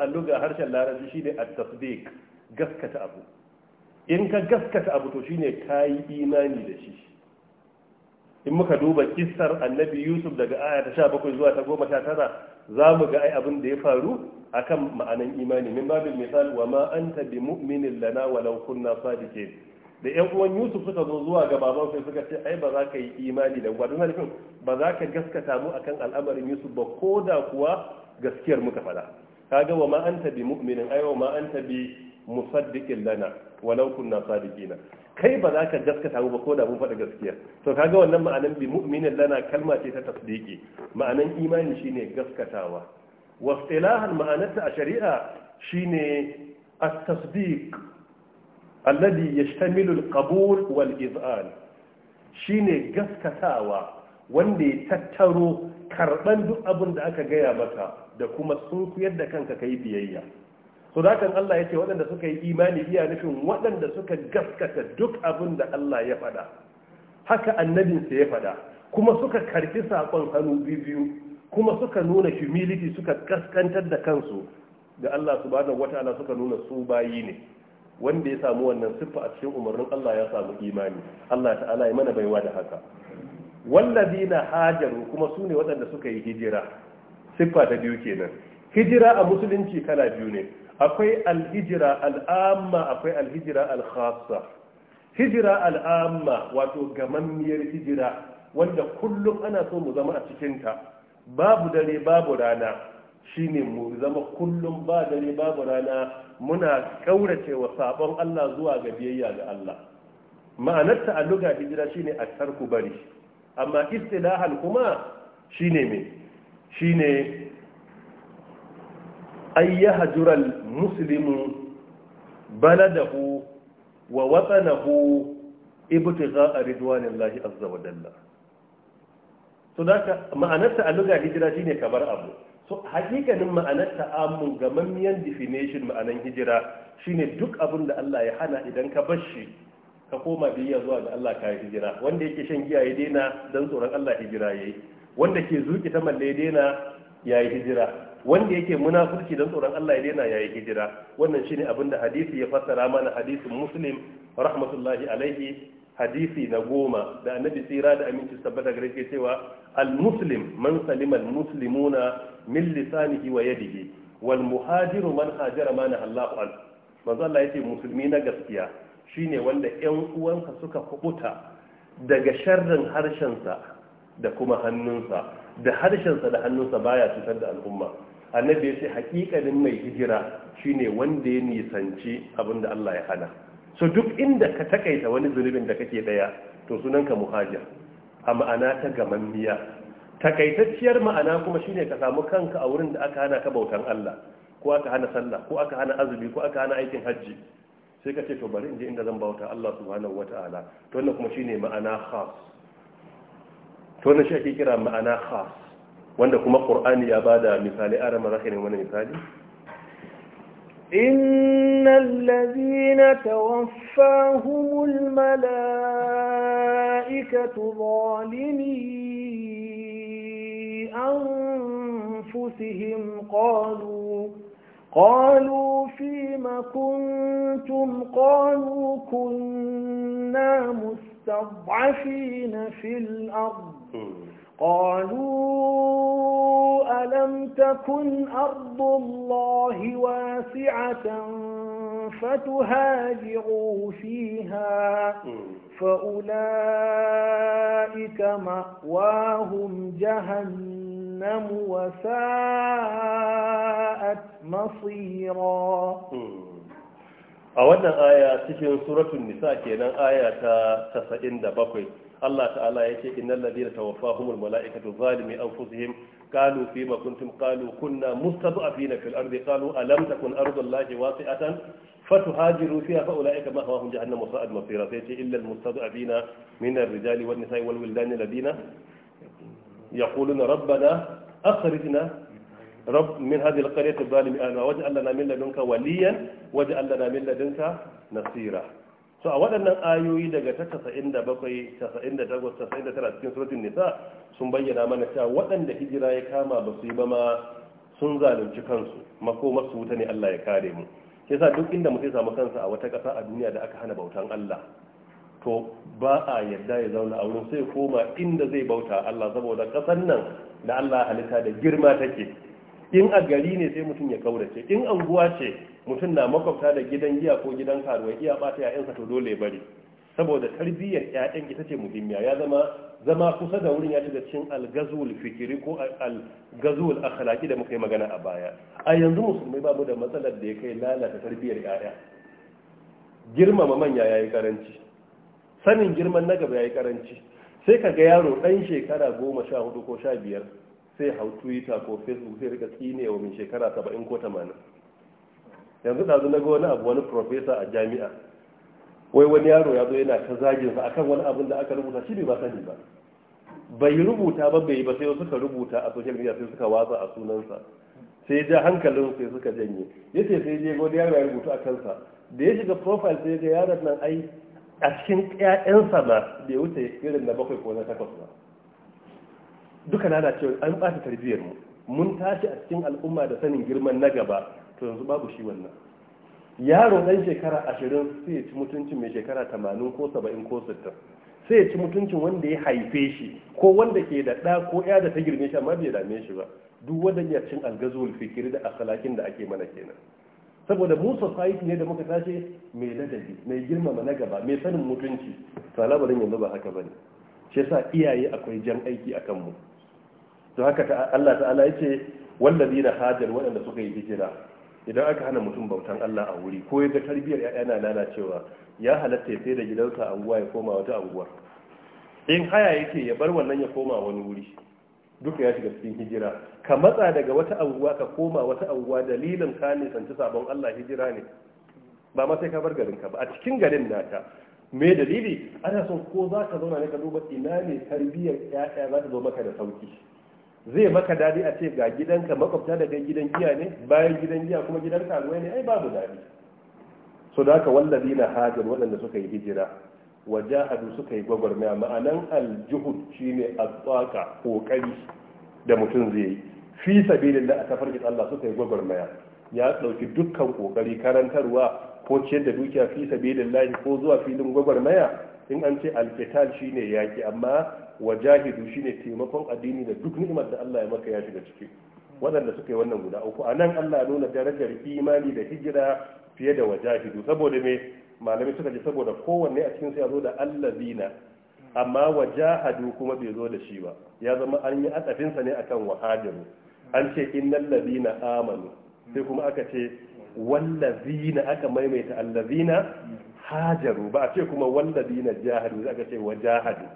allo ga harshen larabci shine at-tasdiq gaskata abu in ka gaskata abu to shine kayi imani da shi in muka duba kissar annabi yusuf daga aya ta sha bakwai zuwa ta goma sha tara za mu ga ai abin da ya faru akan ma'anan imani min babin misal wa ma anta bi mu'minin lana walau kunna sadiqin da yan uwan yusuf suka zo zuwa ga baban sai suka ce ai ba za ka yi imani da gwadon halifin ba za ka gaskata mu akan al'amarin yusuf ba ko da kuwa gaskiyar muka faɗa kaga wa ma anta bi mu'minin ai wa ma anta bi musaddiqin lana walau kunna sadiqina kai ba za ka gaskata ba ko da mun faɗa gaskiya to kaga wannan ma'anan bi mu'minin lana kalma ce ta tasdiki ma'anan imani shine gaskatawa wa istilahan ma'anarta a shari'a shine at-tasdiq alladhi yashtamilu al-qabul wal iz'al shine gaskatawa wanda ya tattaro karban duk abin da aka gaya maka da kuma sun kuyar da kanka kai biyayya so dakan Allah ya ce waɗanda suka yi imani iya nufin waɗanda suka gaskata duk abin da Allah ya faɗa haka annabinsa ya faɗa kuma suka karfi sakon hannu biyu kuma suka nuna humility suka gaskantar da kansu ga Allah wata wata'ala suka nuna su bayi ne wanda ya samu wannan siffa a cikin umarnin Allah ya samu imani Allah ta'ala ya mana baiwa da haka wallazina hajaru kuma su ne waɗanda suka yi hijira siffa ta biyu kenan hijira a musulunci kala biyu ne akwai alhijira al'amma akwai alhijira al hijira al'amma wato gamammiyar hijira wanda kullum ana so mu zama a cikinta babu dare babu rana shine mu zama kullum ba dare babu rana muna kaurace wa sabon Allah zuwa ga biyayya ga Allah ma'anarta a luga hijira shine a tarku bari amma istilahan kuma shine me shine ay yahjura al-muslimu baladahu wa watanahu ibtigha ridwanillahi azza wa jalla to daka ma'anarta a hijira shine kamar abu su hakikanin ma'anar amun gamammiyan definition ma'anar hijira shine duk abin da Allah ya hana idan ka bar shi ka koma biyan zuwa ga Allah ka hijira wanda yake shan giya ya daina don tsoron Allah hijira yayi wanda ke zuki ta malle ya daina yayi hijira wanda yake munafurci don tsoron Allah ya daina yayi hijira wannan shine abin da hadisi ya fassara mana hadisin muslim rahmatullahi alaihi hadisi na goma da annabi tsira da aminci sabbata gare ke cewa al-muslim man salima al-muslimuna min lisanihi wa yadihi wal muhajiru man hajara ma na Allahu an manzo Allah yace musulmi na gaskiya shine wanda ƴan uwansa suka kubuta daga sharrin harshensa da kuma hannunsa da harshensa da hannunsa baya cutar da al'umma annabi ya ce haƙiƙanin mai hijira shine wanda ya nisanci abin da Allah ya hana so duk inda ka takaita wani zunubin da kake daya to sunanka muhajir a ma'ana ta gamammiya takaitacciyar ma'ana kuma shine ka samu kanka a wurin da aka hana ka bautan Allah ko aka hana sallah ko aka hana azumi ko aka hana aikin hajji sai ka ce to bari in je inda zan bauta Allah subhanahu wata'ala to wannan kuma shine ma'ana khas to wannan shi ake kira ma'ana khas wanda kuma ƙur'ani ya bada misali a ramar zaka ne wani misali إن الذين توفاهم الملائكة ظالمي أنفسهم قالوا قالوا فيما كنتم قالوا كنا مستضعفين في الأرض قالوا ألم تكن أرض الله واسعة فتهاجروا فيها فأولئك مأواهم جهنم وساءت مصيرا أولا wannan aya سورة suratun nisa kenan aya ta Allah ta'ala ya ce innal ladina tawaffahumul malaikatu zalimi anfusihim qalu fima kuntum qalu kunna mustad'afina fil ardi qalu alam takun ardullahi wasi'atan fatuhajiru fiha fa ulaika ma'awahum jahannam wa sa'at masira sai ce illa al mustad'afina min ar rijali wan nisa'i wal wildan alladina yaquluna rabbana akhrijna رب من هذه القرية الظالمة واجعل لنا من لدنك وليا واجعل لنا من لدنك نصيرا to a waɗannan ayoyi daga ta 97 99 cikin surutun nisa sun bayyana mana cewa waɗanda hijira ya kama ba su yi ba ma sun zalunci kansu makomar su wuta ne Allah ya kare mu yasa duk inda mutum samu kansa a wata ƙasa a duniya da aka hana bautan Allah to ba a yarda ya zauna a wurin sai koma inda zai bauta Allah saboda ƙasar nan da Allah halitta da girma take in a gari ne sai mutum ya kaurace in anguwa ce mutum na makwabta da gidan giya ko gidan karuwa iya bata ya'yansa to dole bari saboda tarbiyyar ƴaƴan ita ce muhimmiya ya zama zama kusa da wurin ya ci cin al algazul fikiri ko algazul akhlaqi da muka yi magana a baya a yanzu musulmai babu da matsalar da ya kai lalata tarbiyyar ƴaƴa girmama manya yayi karanci sanin girman na gaba yayi karanci sai ka ga yaro dan shekara goma sha hudu ko sha biyar sai hau twitter ko facebook sai rika tsine wa mai shekara saba'in ko tamanin yanzu ɗazu na ga wani abu wani profesa a jami'a wai wani yaro ya zo yana ta zagin sa akan wani abin da aka rubuta shi bai ba sani ba bai rubuta ba bai ba sai suka rubuta a social media sai suka watsa a sunansa sai ja hankalin sai suka janye yace sai je wani yaro ya rubuta a kansa da ya shiga profile sai ga yaron nan ai a cikin ƴaƴansa ba bai wuce irin na bakwai ko na takwas ba duka na da cewa an ɓata tarbiyyar mu mun tashi a cikin al'umma da sanin girman na gaba to yanzu babu shi wannan yaro ɗan shekara ashirin sai ya ci mutuncin mai shekara tamanin ko saba'in ko sittin sai ya ci mutuncin wanda ya haife shi ko wanda ke da ɗa ko ya da ta girme shi amma bai dame shi ba duk wanda ya cin algazul fikiri da asalakin da ake mana kenan saboda mu society ne da muka tashi mai ladabi mai girmama na gaba mai sanin mutunci to labarin yanzu ba haka bane shi yasa iyaye akwai jan aiki akan mu to haka ta Allah ta'ala yake da hajar waɗanda suka yi hijira idan aka hana mutum bautan Allah a wuri ko yaga tarbiyar ya na lalacewa ya halatta ya sai da gidansa a unguwa ya koma wata unguwa in haya yake ya bar wannan ya koma wani wuri duka ya shiga cikin hijira ka matsa daga wata unguwa ka koma wata unguwa dalilin ka ne sanci sabon Allah hijira ne ba ma sai ka bar garin ka ba a cikin garin naka me dalili ana son ko za ka zauna ne ka duba ina ne tarbiyyar ƴaƴa za ta zo maka da sauki zai maka dadi a ce ga gidanka makwabta daga gidan giya ne bayan gidan giya kuma gidan karuwa ne ai babu dadi so da haka wallazi na hajar waɗanda suka yi hijira wa jahadu suka yi gwagwarmaya ma'anan aljuhud shine azzaka kokari da mutum zai yi fi sabilillah a tafarki Allah suka yi gwagwarmaya ya dauki dukkan kokari karantarwa ko ciyar da dukiya fi sabilillah ko zuwa filin gwagwarmaya in an ce alqital shine yaki amma Wajahidu jahidu shine taimakon addini da duk ni'imar da Allah ya maka ya shiga ciki waɗanda suka yi wannan guda uku a nan Allah ya nuna darajar imani da hijira fiye da wajahidu saboda me malami suka ji saboda kowanne a cikin su ya zo da allazina amma wajahadu kuma bai zo da shi ba ya zama an yi sa ne akan wahajiru an ce innal ladina amanu sai kuma aka ce wallazina aka maimaita allazina hajaru ba a ce kuma wallazina jahadu aka ce wajahadu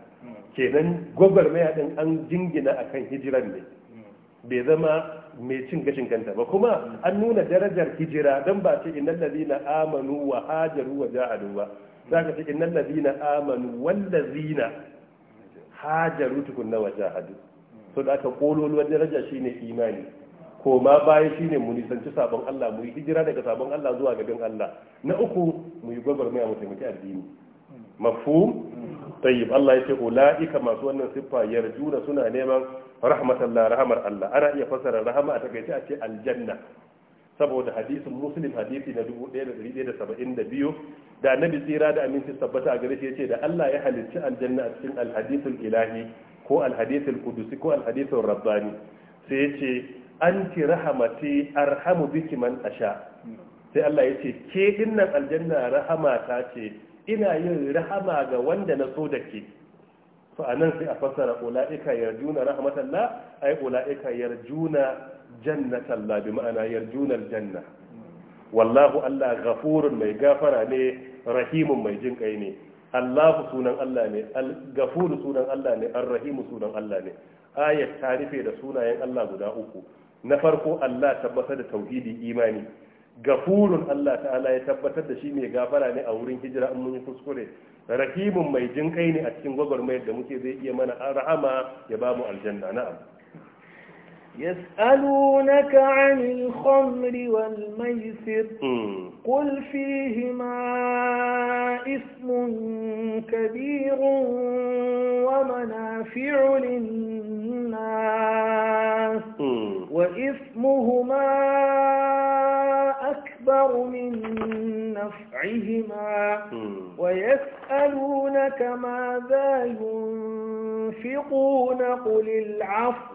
kenan gwagwarmaya din an jingina akan hijiran ne bai zama mai cin gashin kanta ba kuma an nuna darajar hijira don ba ce innal ladina amanu wa hajaru wa jahadu ba Za ka ce innal ladina amanu wanda zina hajaru tukuna wa jahadu so da aka kololuwar daraja shi ne imani ko ma baya shine mu nisanci sabon Allah mu yi hijira daga sabon Allah zuwa gaban Allah na uku mu yi gwagwarmaya mu taimaki addini mafhum tayyib Allah ya ce ula'ika masu wannan siffa yarjuna suna neman rahmatallah rahamar Allah ana iya fasara rahama a takaice a ce aljanna saboda hadisin muslim hadisi na 1172 da annabi tsira da aminci tabbata a gare shi yace da Allah ya halicci aljanna a cikin alhadithul ilahi ko alhadithul qudusi ko alhadithul rabbani sai yace anti rahamate arhamu biki man asha sai Allah yace ke dinnan aljanna rahama ta ce ina yin rahama ga wanda na so da ke to sai a fasara ula'ika yarjuna rahmatallah ai ula'ika yarjuna jannatallah bi ma'ana junar janna wallahu Allah ghafurun mai gafara ne rahimun mai jin kai ne Allahu sunan Allah ne al sunan Allah ne ar-rahimu sunan Allah ne ayat ta rufe da sunayen Allah guda uku na farko Allah tabbatar da tauhidi imani gafurun Allah ta'ala ya tabbatar da shi mai gafara ne a wurin hijira an mun yi kuskure rahimun mai jinkai ne a cikin gwagwarmayar da muke zai iya mana rahama ya ba mu aljanna na'am يسألونك عن الخمر والميسر قل فيهما إثم كبير ومنافع للناس وإثمهما أكبر أكبر من نفعهما ويسألونك ماذا ينفقون قل العفو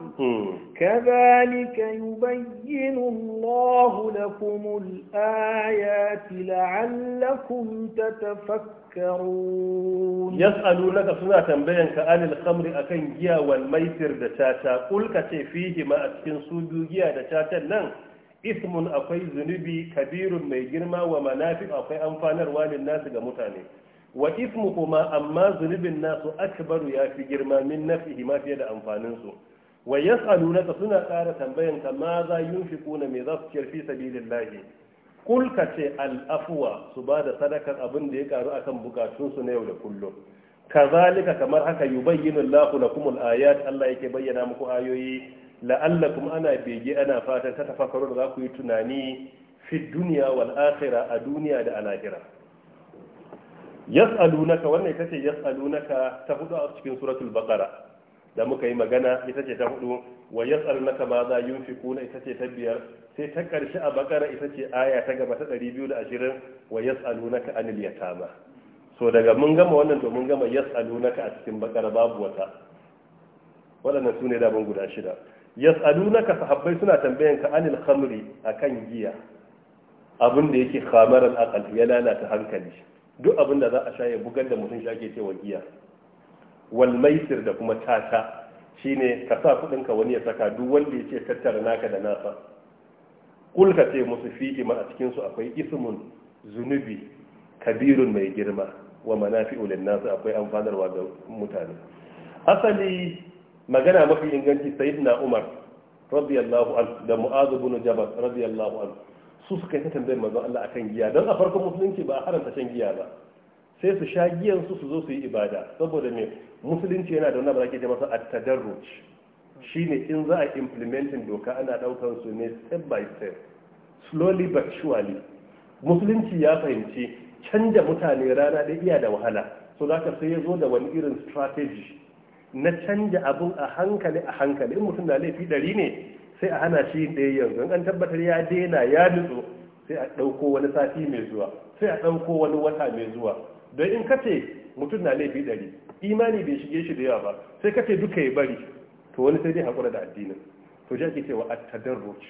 كذلك يبين الله لكم الآيات لعلكم تتفكرون يسألونك سنة تنبينك عن الخمر أكن جيا والميسر دشاشا قل كتفيهما أتكن سوبيو جيا دشاشا نعم ismun akwai zunubi kabirun mai girma wa manafi akwai amfanarwa lin nasu ga mutane wa ismu kuma amma zunubin nasu akbaru ya fi girma min nafihi ma fiye da amfaninsu wa yas'alunaka suna ƙara tambayan ka ma za yunfiquna me za su kirfi fi sabilillahi kul ka ce al'afuwa su ba da sadakar abin da ya karu akan bukatunsu na yau da kullum kazalika kamar haka yubayyinu Allahu lakum ayat Allah yake bayyana muku ayoyi la'allakum ana bege ana fatan ta tafakkaru da za ku yi tunani fi duniya wal akhira a duniya da al'akhira yas'alunaka wannan ita ce yas'alunaka ta hudu a cikin suratul baqara da muka yi magana ita ce ta hudu wa yas'alunaka ma za yunfikuna ita ce ta biyar sai ta karshe a baqara ita ce aya ta gaba ta 220 wa yas'alunaka anil yatama so daga mun gama wannan to mun gama yas'alunaka a cikin baqara babu wata waɗannan su ne daban guda shida yas'alunaka sahabbai suna tambayan ka anil khamri akan giya abin da yake khamaran aqal ya lalata hankali duk abin da za a sha ya bugar da mutum shake cewa giya wal maisir da kuma tata shine ka sa kudin ka wani ya saka duk wanda yake tattara naka da nasa kul ka ce musu fiki ma a cikin su akwai ismun zunubi kabirun mai girma wa manafi'ul nasu akwai amfanarwa ga mutane asali magana mafi inganci sayyidina umar radiyallahu an da mu'adh ibn jabal radiyallahu an su suka yi ta tambayar manzon Allah akan giya dan a farkon musulunci ba a haranta shan giya ba sai su sha giyan su su zo su yi ibada saboda me musulunci yana da wannan barake da masa at-tadarruj shine in za a implementing doka ana daukar su ne step by step slowly but surely musulunci ya fahimci canja mutane rana da iya da wahala so zaka sai ya zo da wani irin strategy na canja abun a hankali a hankali in mutum na laifi ɗari ne sai a hana shi ɗaya yanzu an tabbatar ya daina ya nutso sai a ɗauko wani sati mai zuwa sai a ɗauko wani wata mai zuwa don in kace mutum na laifi ɗari imani bai shige shi da yawa ba sai kace duka ya bari to wani sai dai haƙura da addinin to shi ake cewa at-tadarruj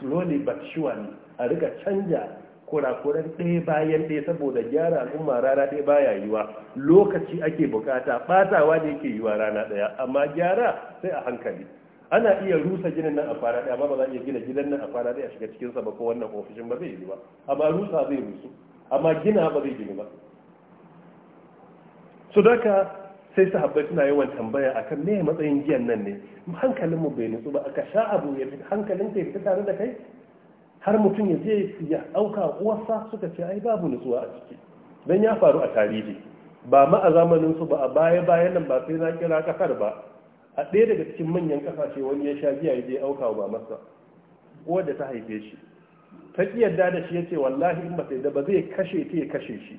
slowly but surely a riga canja kurakuran ɗaya bayan ɗaya saboda gyara al'umma rana ɗaya baya yiwa lokaci ake bukata ɓatawa da yake yiwa rana ɗaya amma gyara sai a hankali ana iya rusa ginin nan a fara ɗaya amma ba za a iya gina gidan nan a fara ɗaya a shiga cikinsa ba ko wannan ofishin ba zai yi ba amma rusa zai rusu amma gina ba zai gini ba su daga sai sahabbai suna yawan tambaya akan me matsayin giyan nan ne hankalinmu bai nutsu ba aka sha abu ya fi hankalin ta fita tare da kai har mutum ya je ya auka wasa suka ce ai babu nutsuwa a ciki Dan ya faru a tarihi ba ma a zamanin su ba a baya bayan nan ba sai na kira kasar ba a ɗaya daga cikin manyan kasashe wani ya sha giya ya je auka ba masa ta haife shi ta yarda da shi ya ce wallahi in ba sai da ba zai kashe ta ya kashe shi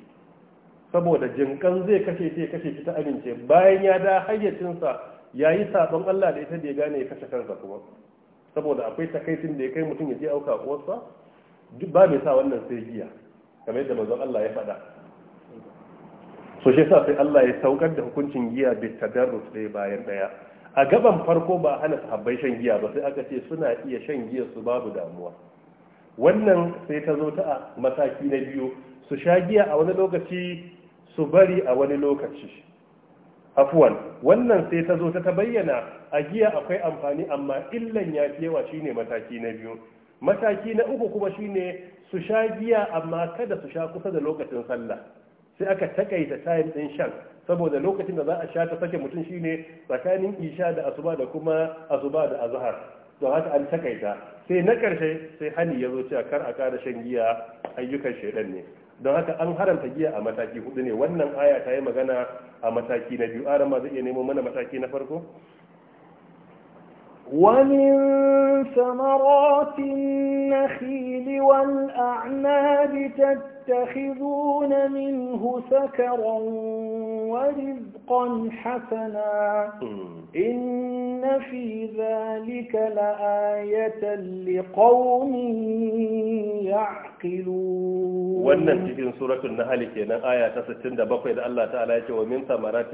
saboda jinkan zai kashe ta ya kashe shi ta amince bayan ya da hayyacinsa ya yi sabon Allah da ita da ya gane ya kashe kansa kuma saboda akwai takaicin da ya kai mutum ya je auka uwarsa duk ba mai sa wannan sai giya kamar yadda manzon Allah ya faɗa so shi yasa sai Allah ya saukar da hukuncin giya bi tadarrus ɗaya bayan ɗaya a gaban farko ba hana sahabbai shan giya ba sai aka ce suna iya shan giya su babu damuwa wannan sai ta zo ta mataki na biyu su sha giya a wani lokaci su bari a wani lokaci afuwan wannan sai ta zo ta bayyana a giya akwai amfani amma illan ya fi yawa shine mataki na biyu mataki na uku kuma shine su sha giya amma kada su sha kusa da lokacin sallah sai aka takaita time din shan saboda lokacin da za a sha ta sake mutum shine tsakanin isha da asuba da kuma asuba da azhar don haka an takaita sai na karshe sai hani ya zo cewa kar a kara shan giya ayyukan shedan ne don haka an haramta giya a mataki hudu ne wannan aya ta yi magana a mataki na biyu arama zai iya nemo mana mataki na farko ومن ثمرات النخيل والأعناب تتخذون منه سكرا ورزقا حسنا إن في ذلك لآية لقوم يعقلون وانا تكين سورة النهالي كينا آية تستند بقيد الله تعالى ومن ثمرات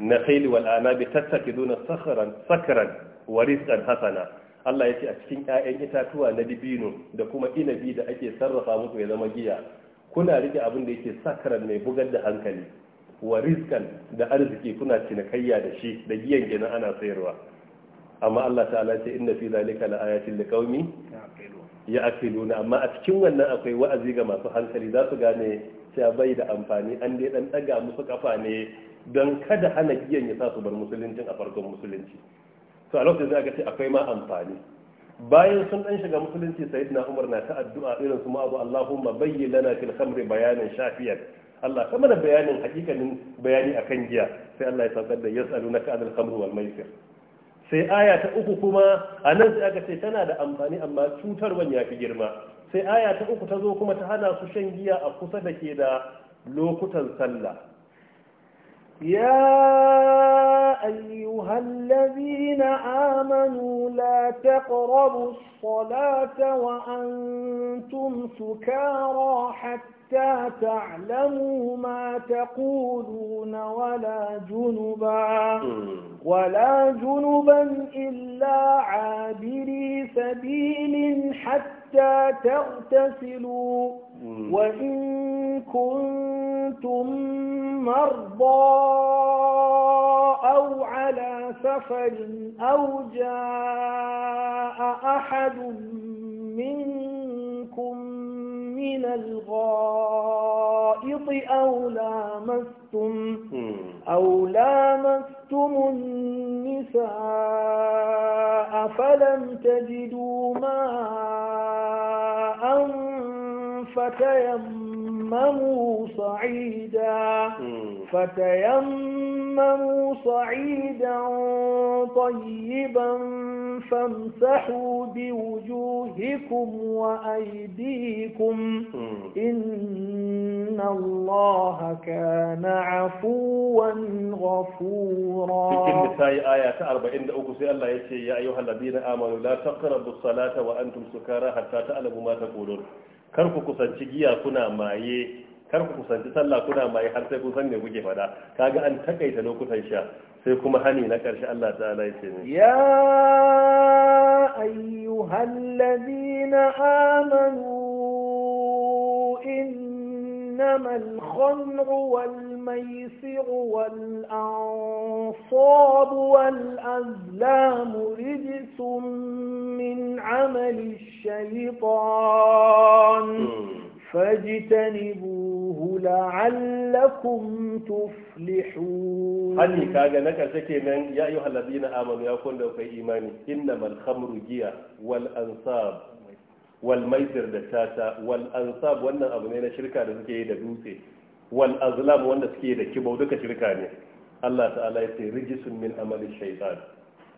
nakhil wal anabi tattakiduna sakran sakran wa rizqan hasana Allah ya ce a cikin ƴaƴan itatuwa na dibino da kuma inabi da ake sarrafa muku ya zama giya kuna rike abin da yake sakran mai bugar da hankali wa rizqan da arziki kuna cinikayya da shi da giyan gina ana sayarwa amma Allah ta'ala ce inna fi zalika laayatin liqaumi ya'qiluna amma a cikin wannan akwai wa'azi ga masu hankali za su gane cewa bai da amfani an dai dan daga musu kafa ne don kada hana giyan ya sa su bar musuluncin a farkon musulunci to a lokacin aka ce akwai ma amfani bayan sun dan shiga musulunci na umar na ta addu'a irin su ma'abu allahumma bayyin lana fil khamri bayanan shafiyar. Allah ka mana bayanin hakikanin bayani akan giya sai Allah ya saukar da yas'alunaka anil khamri wal maisir sai aya ta uku kuma a nan sai aka ce tana da amfani amma cutarwan ya fi girma sai aya ta uku ta zo kuma ta hana su shan giya a kusa da ke da lokutan sallah يا أيها الذين آمنوا لا تقربوا الصلاة وأنتم سكارى حتى تعلموا ما تقولون ولا جنبا ولا جنبا إلا عابري سبيل حتى تغتسلوا وإن كنتم مرضى أو على سفر أو جاء أحد منكم من الغائط أو لامستم, أو لامستم النساء فلم تجدوا ماء فتيمموا صعيدا فتيمموا صعيدا طيبا فامسحوا بوجوهكم وأيديكم إن الله كان عفوا غفورا النساء آية أربع أقصي الله يا أيها الذين آمنوا لا تقربوا الصلاة وأنتم سكارى حتى تعلموا ما تقولون kar ku kusanci giya kuna maye kar ku kusanci sallah kuna maye har sai kun san me kuke fada kaga an takaita lokutan sha sai kuma hani na karshe Allah ta'ala ya ce ne ya ayyuhal ladina amanu إنما الخمر والميسر والأنصاب والأزلام رجس من عمل الشيطان فاجتنبوه لعلكم تفلحون هل كاغا نكا سكينن يا أيها الذين آمنوا يا كون إيماني إنما الخمر جيا والأنصاب wal maisir da tata wal ansab wannan abu ne na shirka da suke yi da dutse wal azlam wanda suke yi da kibau duka shirka ne Allah ta'ala ya ce rijisun min amali shaytan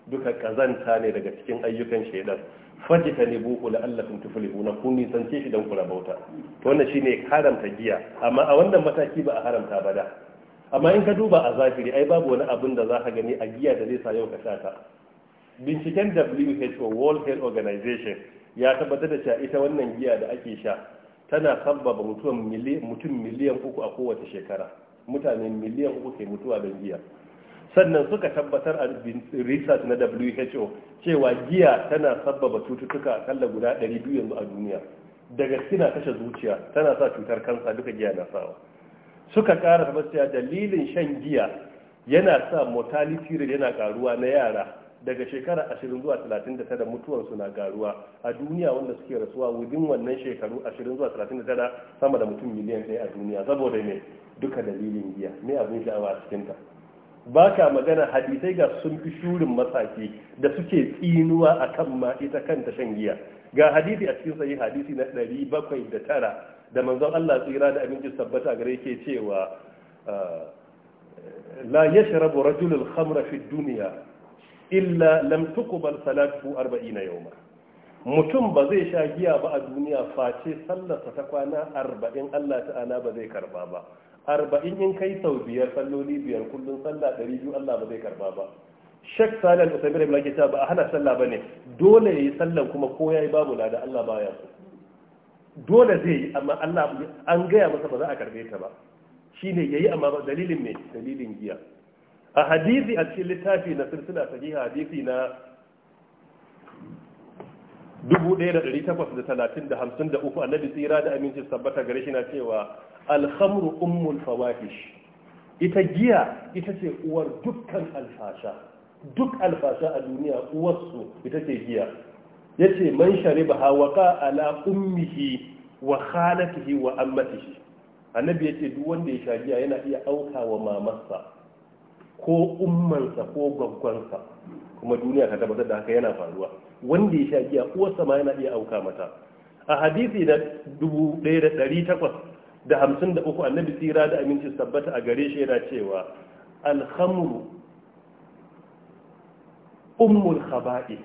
duka kazanta ne daga cikin ayyukan shaytan fajita ne buku na tuflihuna san ce shi dan kula bauta to wannan shine haramta giya amma a wannan mataki ba a haramta ba da amma in ka duba a ai babu wani abin da za ka gani a giya da zai sa yau ka sha ta binciken WHO World Health Organization ya tabbatar da cewa ita wannan giya da ake sha tana sabbaba mutum miliyan uku a kowace shekara mutane miliyan uku ke mutuwa don giya sannan suka tabbatar a research na who cewa giya tana sabbaba cututtuka akalla guda 200 yanzu a duniya daga na kashe zuciya tana sa cutar kansa duka giya na sawa suka kara tabbata dalilin shan giya yana sa mortality rate yana karuwa na yara daga shekara ashirin zuwa talatin da tara mutuwansu na garuwa a duniya wanda suke rasuwa wujin wannan shekaru ashirin zuwa talatin da tara sama da mutum miliyan ɗaya a duniya saboda ne duka dalilin giya mai abin sha'awa a cikinta ba ka magana hadisai ga sun fi shurin matsaki da suke tsinuwa a kan ma ita kanta shan giya ga hadisi a cikin sayi hadisi na ɗari bakwai da tara da manzon Allah tsira da abinci tabbata gare ke cewa ah, la yashrabu rajulul khamra fi duniya illa lam tuqbal salatu 40 yawma mutum ba zai sha giya ba a duniya face sallarsa ta kwana 40 Allah ta'ala ba zai karba ba 40 in kai sau biyar salloli biyar kullun sallah 200 Allah ba zai karba ba shek salal usaimir ibn akita ba a hana sallah bane dole yayi sallan kuma ko yayi babu lada Allah baya so dole zai yi amma Allah an gaya masa ba za a karbe ta ba shine yayi amma dalilin me dalilin giya a hadisi a cikin littafi na silsila sahiha hadisi na 1853 annabi tsira da amincin sabbata gare shi na cewa alhamru ummul fawahish ita giya ita ce uwar dukkan alfasha duk alfasha a duniya uwarsu ita ce giya Ya ce man shariba hawaqa ala ummihi wa khalatihi wa ammatihi annabi ce duk wanda ya sha giya yana iya auka wa mamarsa ko ummansa ko gwaggwansa kuma duniya ka tabbatar da haka yana faruwa wanda ya sha giya uwarsa ma yana iya auka mata a hadisi na 1853 annabi tsira da aminci tabbata a gare shi yana cewa alhamuru ummul khaba'is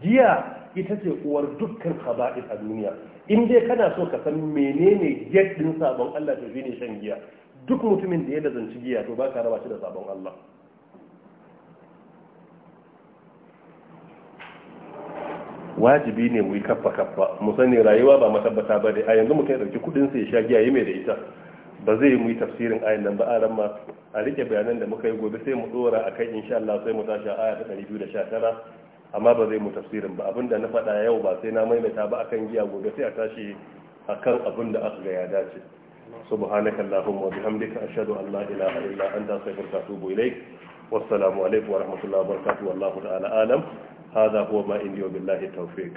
giya ita ce uwar dukkan khaba'is a duniya in dai kana so ka san menene gate sabon Allah ta ne shan giya duk mutumin da ya da zanci giya to ba ka raba shi da sabon Allah wajibi ne mu yi kaffa kaffa mu sani rayuwa ba matabbata ba ne a yanzu mutum ya ɗauki kuɗin sa ya sha giya mai da ita ba zai mu yi tafsirin ayin nan ba a ran ma a rike bayanan da muka yi gobe sai mu tsora a kai insha Allah sai mu tashi a aya ta 219 amma ba zai mu tafsirin ba abinda na faɗa yau ba sai na maimaita ba akan giya gobe sai a tashi akan abin da aka ga ya dace سبحانك اللهم وبحمدك أشهد أن لا إله إلا أنت أستغفرك وأتوب إليك والسلام عليكم ورحمة الله وبركاته والله تعالى أعلم هذا هو ما عندي وبالله التوفيق